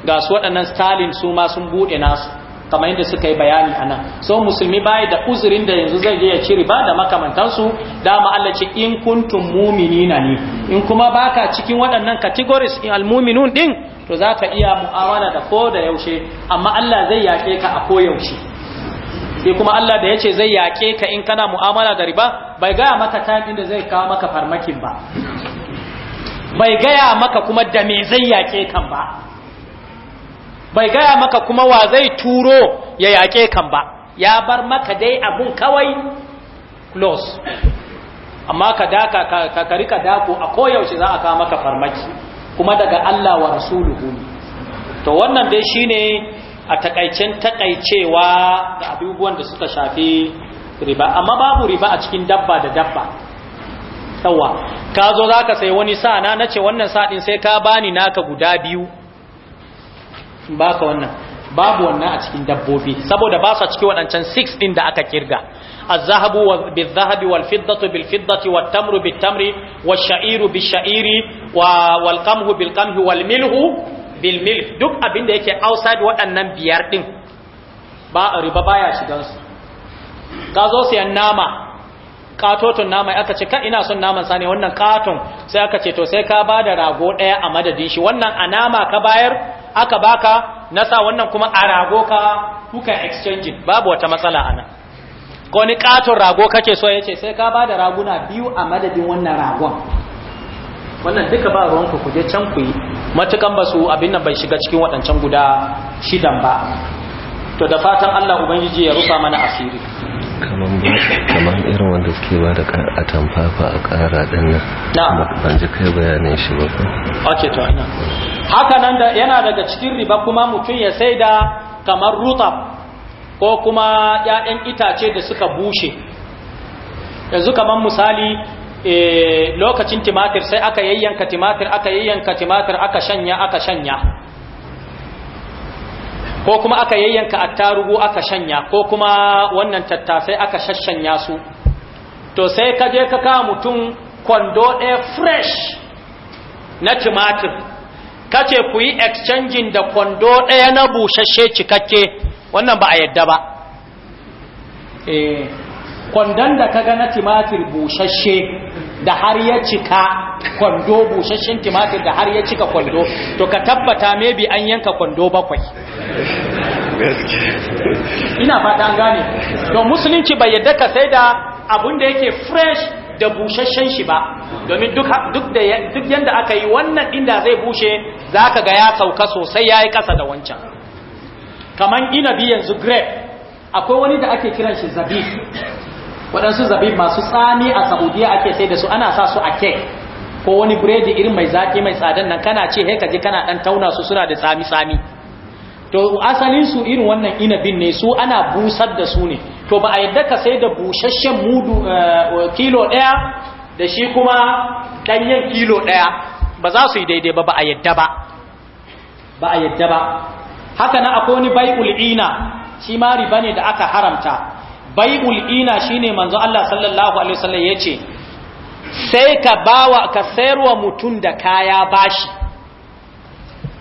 ga su waɗannan stalin su ma sun buɗe nasu kamar yadda suka yi bayani a nan so musulmi baya da uzurin da yanzu zai je ya ci riba da makamantansu dama Allah ce in kuntum muminina ne in kuma baka cikin waɗannan categories in al-muminun din to zaka iya mu'amala da ko da yaushe amma Allah zai yaƙe ka a ko yaushe sai kuma Allah da yace zai yaƙe ka in kana mu'amala da riba bai ga maka time inda da zai kawo maka farmakin ba bai gaya maka kuma da me zai yaƙe kan ba bai gaya maka kuma wa zai turo ya yaƙe kan ba ya bar maka dai abun kawai close amma ka daka ka kari ka dako a koyaushe za a kawo maka farmaki kuma daga Allah wa rasuluhu to wannan dai shine a takaicen takaicewa ga abubuwan da suka shafi riba amma babu riba a cikin dabba da dabba yawa ka zo za ka sai wani sa na ce wannan saɗin sai ka bani naka guda biyu ba ka wannan babu wannan a cikin dabbobi saboda ba su a cikin waɗancan 6 ɗin da aka kirga الذهب بالذهب والفضة بالفضة والتمر بالتمر والشعير بالشعير والقمه بالقمه والملح بالملح duk abin da yake outside waɗannan biyar ɗin ba riba baya shigansu ka zo siyan nama katoton nama aka ce ka ina son naman sani wannan katon sai aka ce to sai ka ba da rago daya a madadin shi wannan a nama ka bayar aka baka nasa wannan kuma a rago ka kuka exchange babu wata matsala ana ko ni katon rago kake so yace sai ka bada da raguna biyu a madadin wannan ragon wannan duka ba ruwan ku kuje can ku matukan basu su abin nan bai shiga cikin wadancan guda shidan ba to da fatan Allah ubangiji ya rufa mana asiri kamar irin wanda suke ba da a tamfafa a kara din nan ban ji kai bayanin shi ba ko ake to ina haka nan da yana daga cikin riba kuma mutum ya saida kamar rutab ko kuma ƴaƴan itace da suka bushe yanzu kamar misali eh, lokacin timatir sai aka yayyanka timatir aka yayyanka timatir aka shanya aka shanya ko kuma aka yayyanka attarugu aka shanya ko kuma wannan tattasai aka shashanya su to sai ka je ka kawo mutum kwando ɗaya fresh na tumatir kace ku yi exchanging da kwando ɗaya na bushashe cikakke wannan ba a yadda ba eh kwandon da kaga na tumatir bushashe da har ya cika kwando busasshen tumatir da har ya cika kwando to ka tabbata maybe an yanka kwando bakwai ina fata an gane don musulunci bai yadda ka sai da abun yake fresh da busasshen shi ba domin duk yadda aka yi wannan inda zai bushe za ka ga ya sauka sosai ya yi kasa da wancan kamar inabi yanzu grape akwai wani da ake kiran shi zabi waɗansu zabi masu tsami a saudiya ake sai da su ana sa su a kek ko wani biredi irin mai zaƙi mai tsadan nan kana ce he je kana ɗan tauna su suna da tsami-tsami to asalin irin wannan inabin ne su ana busar da su ne to ba a yadda ka sai da busasshen mudu eh, kilo ɗaya da shi kuma ɗanyen kilo ɗaya ba za su yi daidai ba ba a yadda ba ba a yadda ba haka na akwai wani bai ina shi ma riba ne da aka haramta bai'ul ina shine manzo Allah sallallahu alaihi wasallam yace sai ka bawa ka sayarwa mutun da kaya bashi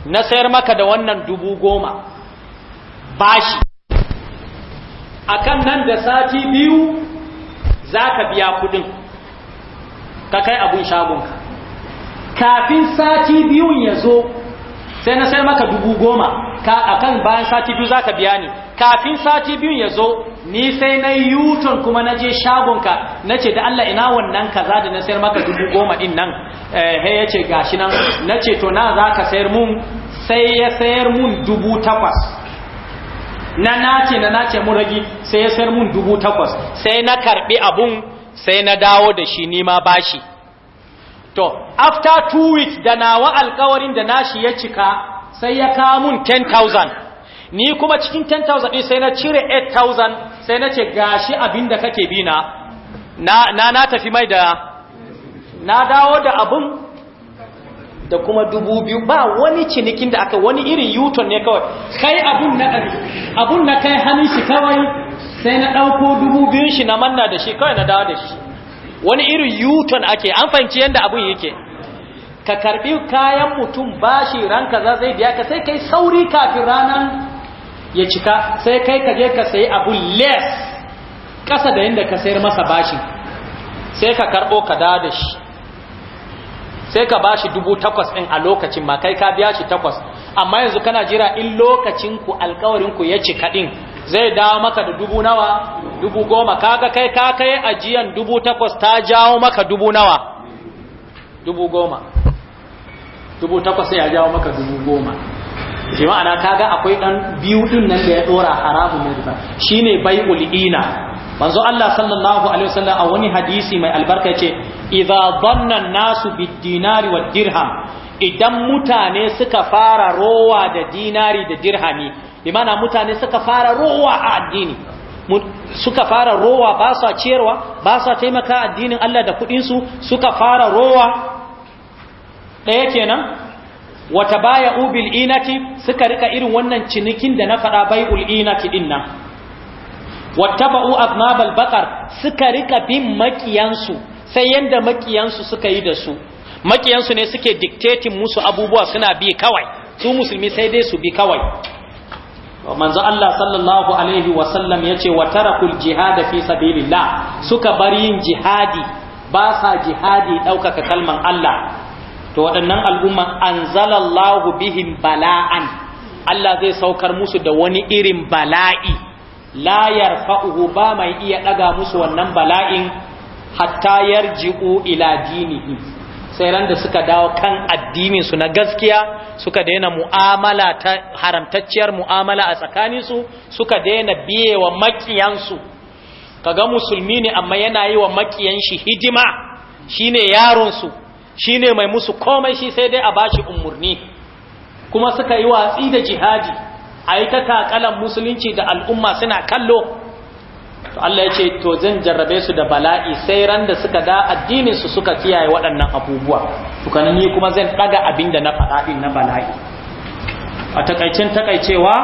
na sayar maka da wannan dubu goma bashi akan nan da sati biyu zaka biya kudin ka kai abun ka. kafin sati biyun ya zo sai na sayar maka dubu goma akan bayan sati biyu zaka biya ni kafin sati biyun ya zo ni sai na yi yuton kuma na je shagonka na ce da Allah ina wannan kaza da na sayar maka dubu goma din nan eh, he ya ce gashi nan na ce to na za ka sayar mun sai ya sayar mun dubu takwas na nace na nace mun ragi sai ya sayar mun dubu takwas sai na karbi abun sai na dawo da shi nima bashi to after two weeks da nawa alkawarin da nashi ya cika sai ya kawo mun 10,000 ni kuma cikin 10,000 ɗin sai na cire 8,000 sai na ce gashi abin da kake bi na na tafi mai da na dawo da abin da kuma dubu biyu ba wani cinikin da aka wani irin yuton ne kawai kai abun na ɗari abin na kai hannun shi kawai sai na ɗauko dubu biyu shi na manna da shi kawai na dawo da shi wani irin yuton ake an fahimci yadda abun yake ka karbi kayan mutum bashi ranka za zai biya ka sai kai sauri kafin ranar ya cika sai kai ka je ka sayi abu less ƙasa da yadda ka sayar masa bashin sai ka karɓo ka da da shi sai ka bashi dubu takwas ɗin a lokacin ma kai ka biya shi takwas amma yanzu kana jira in lokacinku alkawarinku ya cika ɗin zai dawo maka da dubu nawa dubu goma kaga kai ka kai ajiyan dubu takwas ta jawo maka dubu nawa dubu goma dubu takwas ya jawo maka dubu goma shi ma'ana kaga akwai dan biyu din nan da ya dora haramun ne riba shine bai'ul ina manzo Allah sallallahu alaihi wasallam a wani hadisi mai albarka yace idza dhanna nasu bid-dinari wad-dirham idan mutane suka fara rowa da dinari da dirhami bi mana mutane suka fara rowa a addini suka fara rowa ba sa ciyarwa ba sa taimaka addinin Allah da kudin su suka fara rowa ɗaya kenan wata baya ubil inati suka rika irin wannan cinikin da na faɗa bai'ul inati din nan wattaba'u aznabal Bakar suka rika bin makiyansu sai yadda makiyansu suka yi da su makiyansu ne suke diktetin musu abubuwa suna bi kawai su musulmi sai dai su bi kawai manzo Allah sallallahu alaihi wasallam yace wa tarakul jihad fi sabilillah suka bar yin jihadi ba sa jihadi ɗaukaka kalman Allah to waɗannan al'umman anzalallahu bihim bala'an Allah zai saukar musu da wani irin bala'i la yarfa'uhu ba mai iya ɗaga musu wannan bala'in hatta yarji'u ila dinihi sai ran da suka dawo kan addinin su na gaskiya suka daina mu'amala ta haramtacciyar mu'amala a tsakaninsu, suka daina biyewa makiyansu kaga musulmi ne amma yana yi wa makiyan shi hidima shine yaron shi ne mai musu komai shi sai dai a bashi umarni kuma suka yi watsi da jihadi a yi ta takalan musulunci da al'umma suna kallo to Allah ya ce to zan jarrabe su da bala'i sai ran da suka da addinin su suka kiyaye waɗannan abubuwa tukanin ni kuma zan ɗaga abin da na faɗaɗin na bala'i a takaicin takaicewa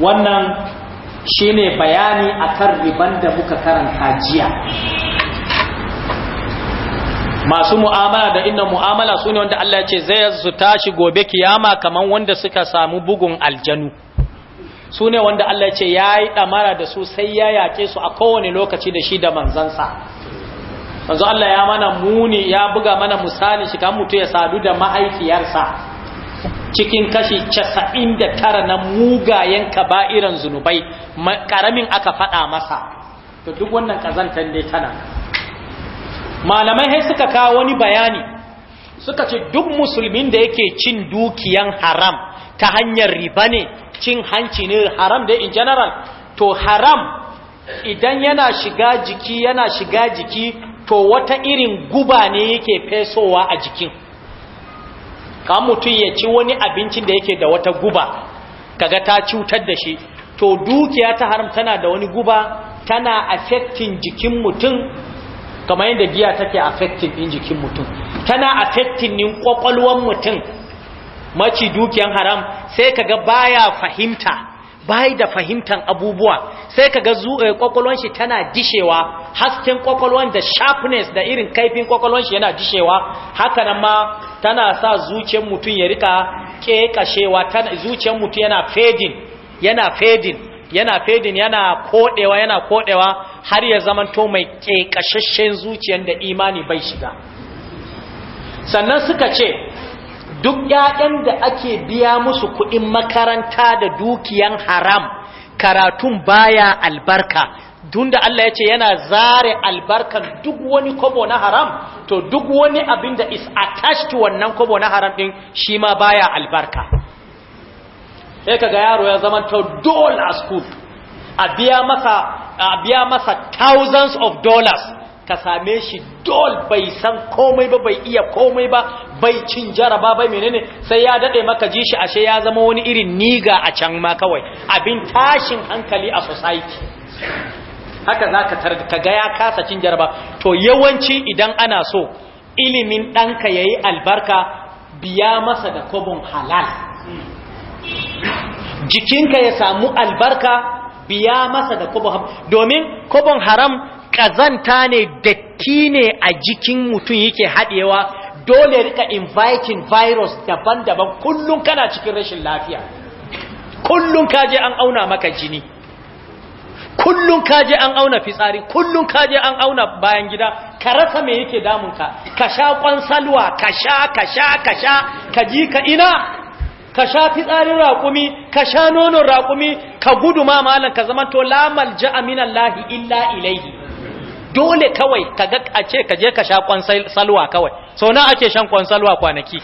wannan shine bayani akan riban da muka karanta jiya masu mu'amala da inna mu'amala su ne wanda Allah ce zai su tashi gobe kiyama kaman wanda suka samu bugun aljanu su ne wanda Allah ce ya yi ɗamara da su sai ya yake su a kowane lokaci da shi da manzansa manzo Allah ya mana muni ya buga mana misali shi kan mutu ya sadu da mahaifiyarsa cikin kashi 99 na mugayen kaba'iran zunubai karamin aka faɗa masa to duk wannan kazantar dai tana malamai sai suka kawo wani bayani suka ce duk musulmin da yake cin dukiyan haram ta hanyar riba ne cin hanci ne haram da in general to haram idan yana shiga jiki yana shiga jiki to wata irin guba ne yake fesowa a jikin ka mutum ya ci wani abincin da yake da wata guba kaga ta cutar da shi to dukiya ta haram tana da wani guba tana affecting jikin mutum kamar yadda giya take affecting din jikin mutum tana affecting din kwakwalwan mutum maci dukiyan haram sai kaga baya fahimta bai da fahimtan abubuwa sai kaga eh, kwakwalwan shi tana dishewa hasken kwakwalwan da sharpness da irin kaifin kwakwalwan shi yana dishewa haka nan ma tana sa zuciyar mutum ya rika kekashewa tana zuciyar mutum yana fading yana fading yana fading yana kodewa yana kodewa har ya zamanto mai ƙeƙashashen zuciyar da imani bai shiga sannan suka ce duk ‘ya'yan da ake biya musu kuɗin makaranta da dukiyan haram karatun baya albarka dun da Allah ya ce yana zare albarkan duk wani kobo na haram to duk wani abin da is attached to wannan kobo na haram ɗin shi ma baya albarka sai kaga yaro ya zama to dole a school a biya masa thousands of dollars ka same shi dol bai san komai ba bai iya komai ba bai cin jaraba bai menene sai ya dade maka ji shi ashe ya zama wani irin niga a can ma kawai abin tashin hankali a society haka zaka ka ga ya kasa cin jaraba to yawanci idan ana so ilimin danka yayi albarka biya masa da kobon halal jikinka ya samu albarka biya masa da kobo haram domin kobon haram ƙazanta ne datti ne a jikin mutum yake haɗewa dole rika inviting virus daban-daban kullum kana cikin rashin lafiya kullum kaje an auna maka jini kullum kaje an auna fitsari kullum kaje an auna bayan gida ka rasa me yake damunka ka sha kwansalwa. ka sha ka sha ka sha ka ji ka ina ka sha fitsarin raƙumi ka sha nonon raƙumi ka gudu ma malam ka zama to ji malja lahi illa ilaihi dole kawai ka ga a ce ka je ka sha kwan salwa kawai so na ake shan kwan salwa kwanaki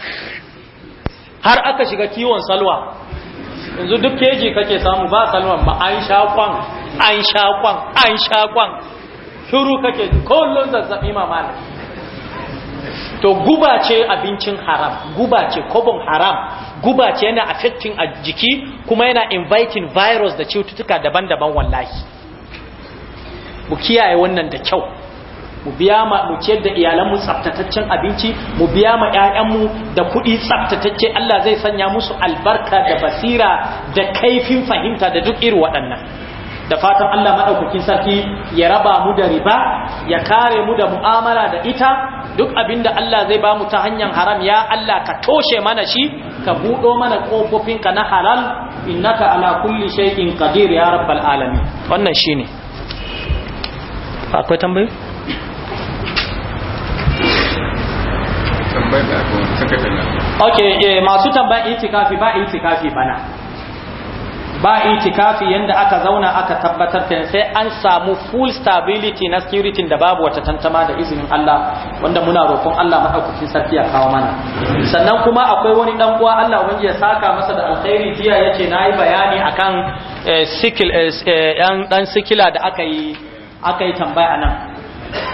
har aka shiga kiwon salwa yanzu duk keji kake samu ba salwan ba an sha kwan an sha kwan an sha kwan shuru kake kullun zazzabi ma malam to guba ce abincin haram guba ce kobon haram guba ce yana affecting a jiki kuma yana inviting virus da cututtuka daban-daban wallahi mu kiyaye wannan da kyau mu biya ma mu ciyar da iyalanmu tsaftataccen abinci mu biya ma ƴaƴanmu da kuɗi tsaftatacce Allah zai sanya musu albarka da basira da kaifin fahimta da duk irin waɗannan da fatan Allah maɗaukakin sarki ya raba mu da riba ya kare mu da mu'amala da ita duk abinda Allah zai ba mu ta hanyar haram ya Allah ka toshe mana shi ka buɗo mana ka na halal innaka ala kulli shay'in qadir ya rabbal alamin wannan shine akwai tambayi tambayi da okay eh masu tambayi itikafi ba itikafi bana ba itikafi yanda aka zauna aka tabbatar ta sai an samu full stability na security da babu wata tantama da izinin Allah wanda muna roƙon Allah madaukakin sarki ya kawo mana sannan kuma akwai wani dan uwa Allah wanda ya saka masa da alkhairi jiya yace nayi bayani akan eh, sikil eh, eh, yan dan sikila da aka yi aka yi tambaya anan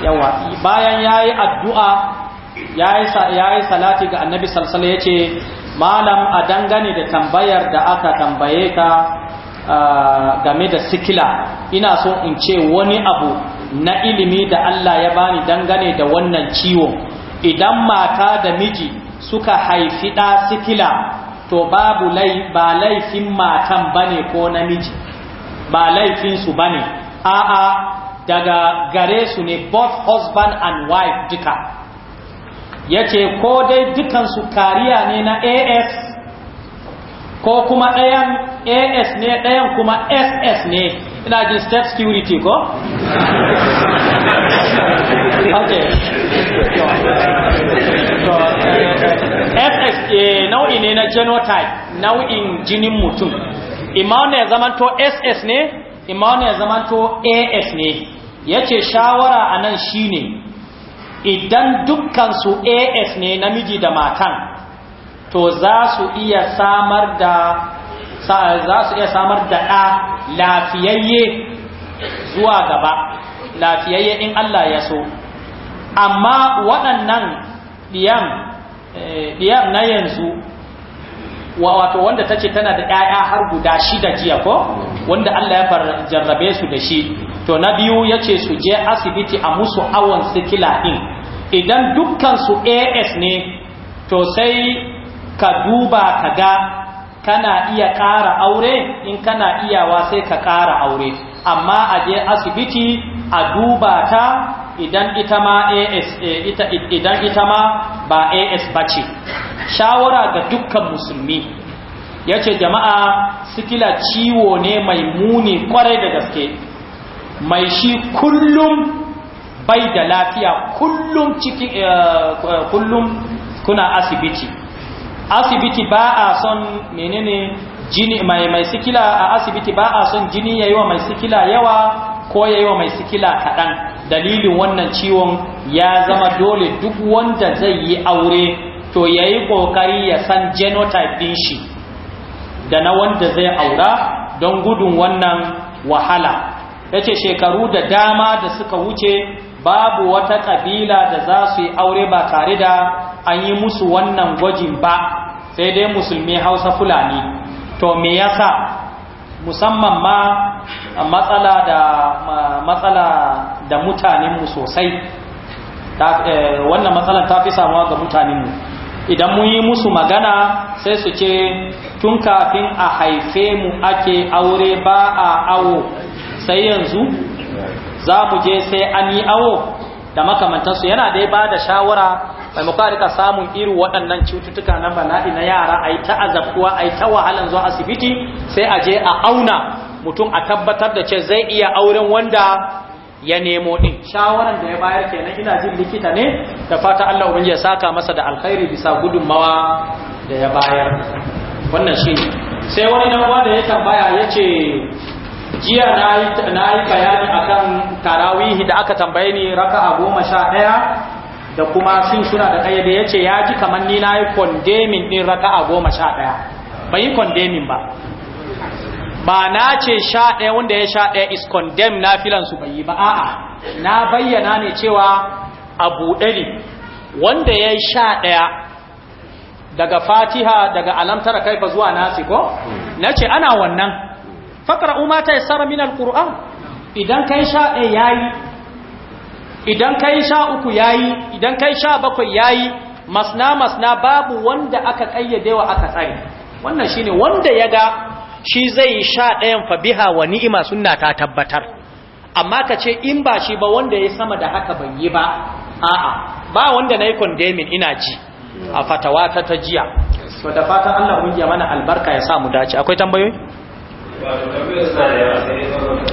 yawa bayan yayi addu'a yayi yayi salati ga annabi sallallahu alaihi wasallam yace malam a dangane da tambayar da aka tambaye ka game da sikila ina so in ce wani abu na ilimi da Allah ya bani dangane da wannan ciwo idan mata da miji suka haifi ɗa sikila to babu ba laifin matan bane ko namiji ba laifinsu bane a'a daga gare su ne both husband and wife duka ya ce ko dai dukansu kariya ne na as ko kuma ɗayan as ne ɗayan kuma ss ne ina jin state security ko? okay ss eh, nau'i ne na genotype nau'in jinin mutum Imanu ya zamanto ss ne imauna ya zamanto as ne ya ce shawara a nan shi ne idan dukkansu as ne namiji da matan to za su iya samar da za su iya samar da ɗa lafiyayye zuwa gaba lafiyayye in Allah ya so amma waɗannan ɗiyan eh, na yanzu wato wanda ta ce tana da ‘ya'ya har guda shida jiya ko wanda Allah ya jarrabe su da shi to na biyu ya ce su je asibiti a musu awon sikila ɗin idan dukkansu as ne to sai ka duba ka ga kana iya ƙara aure in kana iyawa sai ka ƙara aure amma a je asibiti a duba ta idan ita ma as eh, idan ita ma ba as bace shawara ga dukkan musulmi Ya ce jama'a sikila ciwo ne mai muni kwarai da gaske mai shi kullum bai da lafiya kullum ciki eh, eh, kullum kuna asibiti asibiti ba a son menene jini mai mai sikila a asibiti ba a son jini yayi wa mai sikila yawa ko yayi wa mai sikila kadan dalilin wannan ciwon ya zama dole duk wanda zai yi aure to yayi kokari ya san genotype din shi da na wanda zai aura don gudun wannan wahala ce shekaru da dama da suka wuce babu wata kabila da za su yi aure ba tare da an yi musu wannan gwajin ba sai dai musulmi hausa fulani to me yasa musamman ma matsala da matsala da mutanenmu sosai eh, wannan matsalar ta fi samuwa ga mutanenmu idan mun yi musu magana sai su ce tun kafin a haife mu ake aure ba a awo sai yanzu za mu je sai an yi awo da makamantarsu yana dai ba da shawara maimakon rika samun iri waɗannan cututtuka na bala'i na yara a yi ta azabtuwa a yi ta wahalan zuwa asibiti sai a je a auna mutum a tabbatar da ce zai iya auren wanda ya nemo ɗin shawaran da ya bayar kenan ina jin likita ne da fata Allah ubangiji ya saka masa da alkhairi bisa gudunmawa da ya bayar wannan shi sai wani nan da ya tambaya ya ce jiya na yi bayani kan tarawihi da aka tambaye ni raka a goma sha ɗaya da kuma sun suna da ɗaya da ya ce ya ji kamar ni na yi kondemin ɗin raka a goma sha ɗaya bai yi kondemin ba ba na ce sha ɗaya wanda ya sha ɗaya is kondem na filansu bai yi ba a'a na bayyana ne cewa a buɗe wanda ya sha ɗaya daga fatiha daga Alamtar alamtara kaifa zuwa nasi ko na ce ana wannan faƙara'u ta ya sara minal idan kai sha ɗaya ya yi idan kai sha uku ya yi idan kai sha bakwai ya yi masna masna babu wanda aka wa aka tsare wannan shi ne wanda ya ga shi zai sha ɗayan fa biha wa ni'ima sunna ta tabbatar amma ka ce in ba shi ba wanda ya sama da haka ban yi ba a'a ba wanda na yi kondemin ina ji a fatawa ta ta jiya to da fatan Allah mun mana albarka ya sa mu dace akwai tambayoyi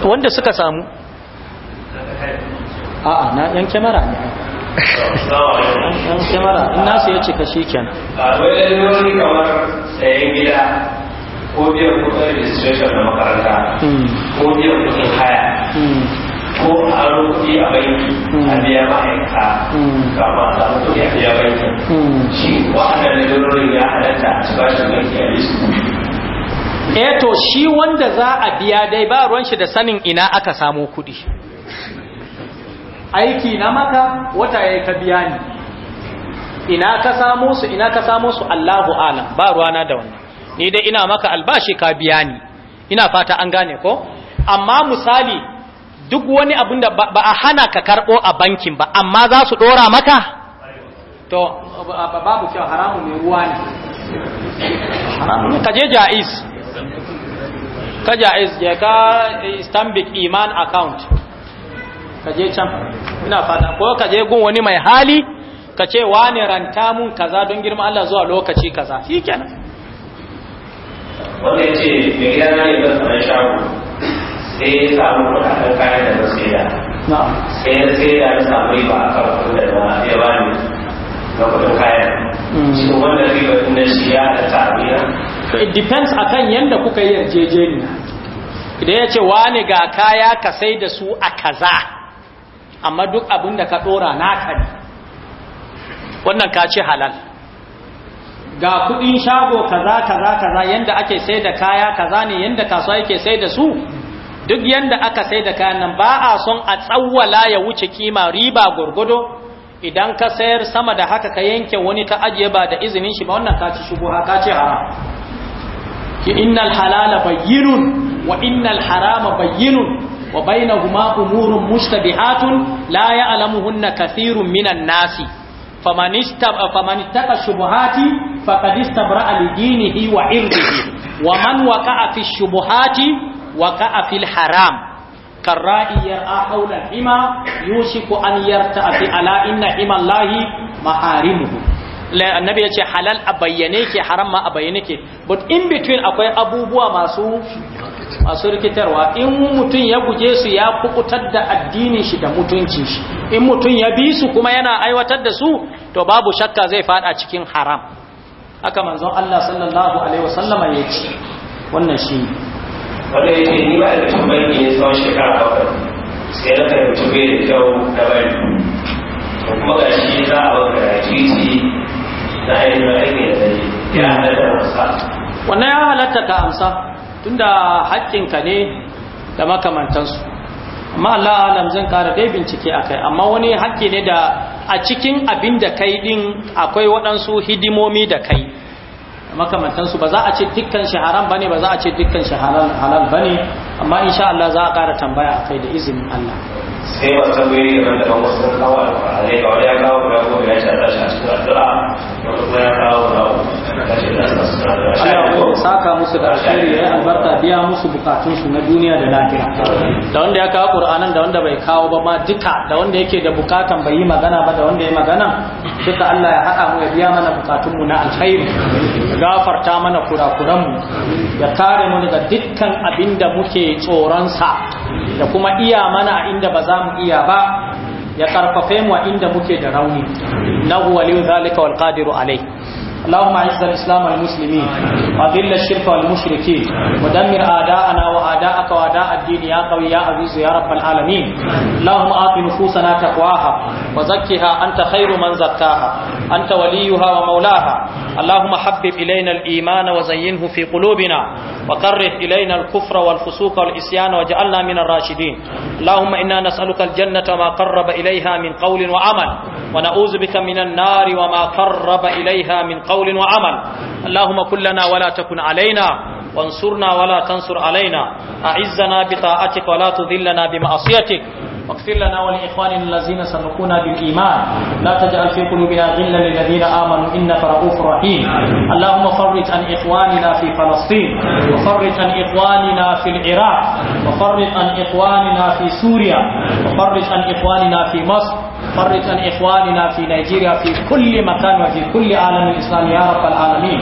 wanda suka samu a'a na yan kyamara ne yan kyamara in nasu ya cika shi kenan a ko biyan kudin registration da makaranta ko biyan kudin haya ko a rufi a banki a biya ma'aikata a biya banki shi ya halatta a banki a eh to shi wanda za a biya dai ba ruwan shi da sanin ina aka samo kuɗi aiki na maka wata ya ka biya ni ina ka samu su ina ka samu su Allahu alam ba ruwana da wannan ni dai ina maka albashi ka biya ni ina fata an gane ko amma misali duk wani abin da ba a hana ka karɓo a bankin ba amma za su ɗora maka to babu kyau haramun ne ruwa ne haramun ka je ja'is ka ja'iz ya ka stanbic iman account ka je can ina fata ko ka je gun wani mai hali ka ce wani ranta mun kaza don girma Allah zuwa lokaci kaza shi kenan wanda ya ce mai gida na yi ba sanar shago sai ya samu kuɗaɗen kayan da ba sai da sai ya sai da ya samu riba a kan da ba ya ba ni na kudin kayan mm. shi da riba ɗin shi ya da tabiya so it depends akan yanda kuka yi yarjejeniya idan ya ce wani ga kaya ka sai da su a kaza amma duk abin da ka dora na ne wannan ka ce halal ga kudin shago kaza kaza kaza yanda ake sai da kaya kaza ne yanda kasuwa yake sai da su duk yanda aka sai da kayan nan ba a son a tsawwala ya wuce kima riba gurgudo idan ka sayar sama da haka ka yanke wani ka ajiye ba da izinin shi ba wannan ka ci ha ka ce haram إن الحلال بين وإن الحرام بين وبينهما أمور مشتبهات لا يعلمهن كثير من الناس فمن فمن اتقى الشبهات فقد استبرأ لدينه وعرضه ومن وقع في الشبهات وقع في الحرام كالرائي يرعى حول الحمى يوشك أن يرتأ في ألا إن حمى الله محارمه annabi ya ce halal a bayyane ke haram ma a bayyane ke but in between akwai abubuwa masu masu rikitarwa in mutum ya guje su ya kukutar da addinin shi da mutuncin shi in mutum ya bi su kuma yana aiwatar da su to babu shakka zai fada cikin haram haka manzon Allah sallallahu alaihi wasallama ya ce wannan shi wanda ya ce ni ba da tambayi ne tsawon shekara bakwai sai na fahimci bai da kyau da bari kuma ga shi za a baka da titi da ya halatta wannan ya ka amsa tunda haƙƙinka ne da makamantansu amma Allah alam zan ƙara dai bincike a kai amma wani haƙƙi ne da a cikin abin da kai ɗin akwai waɗansu hidimomi da kai makamantansu ba za a ce dukkan shi haram bane ba za a ce dukkan shi halal bane amma insha Allah za a ƙara tambaya a kai da izinin Allah sai ba san gari da da wasu sun kawo alƙur'ani ga wani ya kawo guda goma ya shi a cikin addu'a wani kuma ya kawo guda uku saka musu da alheri ya albarka biya musu bukatun su na duniya da lahira da wanda ya kawo qur'anan da wanda bai kawo ba ma duka da wanda yake da bukatan bai yi magana ba da wanda ya magana duka Allah ya haɗa mu ya biya mana bukatun bukatunmu na alheri gafarta mana kurakuran mu ya kare mu daga dukkan abinda muke tsoron sa da kuma iya mana a inda ba za mu iya ba ya karfafe mu inda muke da rauni na waliyu zalika wal qadiru alai اللهم اعز الاسلام والمسلمين واذل الشرك والمشركين ودمر اعداءنا واعداءك واعداء الدين يا قوي يا عزيز يا رب العالمين اللهم اعط نفوسنا تقواها وزكها انت خير من زكاها انت وليها ومولاها اللهم حبب الينا الايمان وزينه في قلوبنا وكره إلينا الكفر والفسوق والعصيان واجعلنا من الراشدين اللهم إنا نسألك الجنة ما قرب إليها من قول وعمل ونعوذ بك من النار وما قرب إليها من قول وعمل اللهم كلنا ولا تكن علينا وانصرنا ولا تنصر علينا أعزنا بطاعتك ولا تذلنا بمعصيتك واغفر لنا ولإخواننا الذين سبقونا بالإيمان لا تجعل في قلوبنا غلا للذين آمنوا إنك رؤوف رحيم اللهم فرج عن إخواننا في فلسطين وفرج عن إخواننا في العراق وفرج عن إخواننا في سوريا وفرج عن إخواننا في مصر مفرقا إخواننا في نيجيريا في كل مكان وفي كل عالم الإسلام يا رب العالمين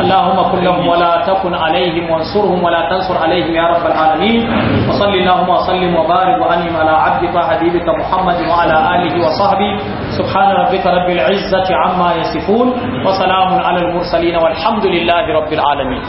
اللهم كن لهم ولا تكن عليهم وانصرهم ولا تنصر عليهم يا رب العالمين وصل اللهم وسلم وبارك وأنم على عبدك وحبيبك محمد وعلى آله وصحبه سبحان ربك رب العزة عما يصفون وسلام على المرسلين والحمد لله رب العالمين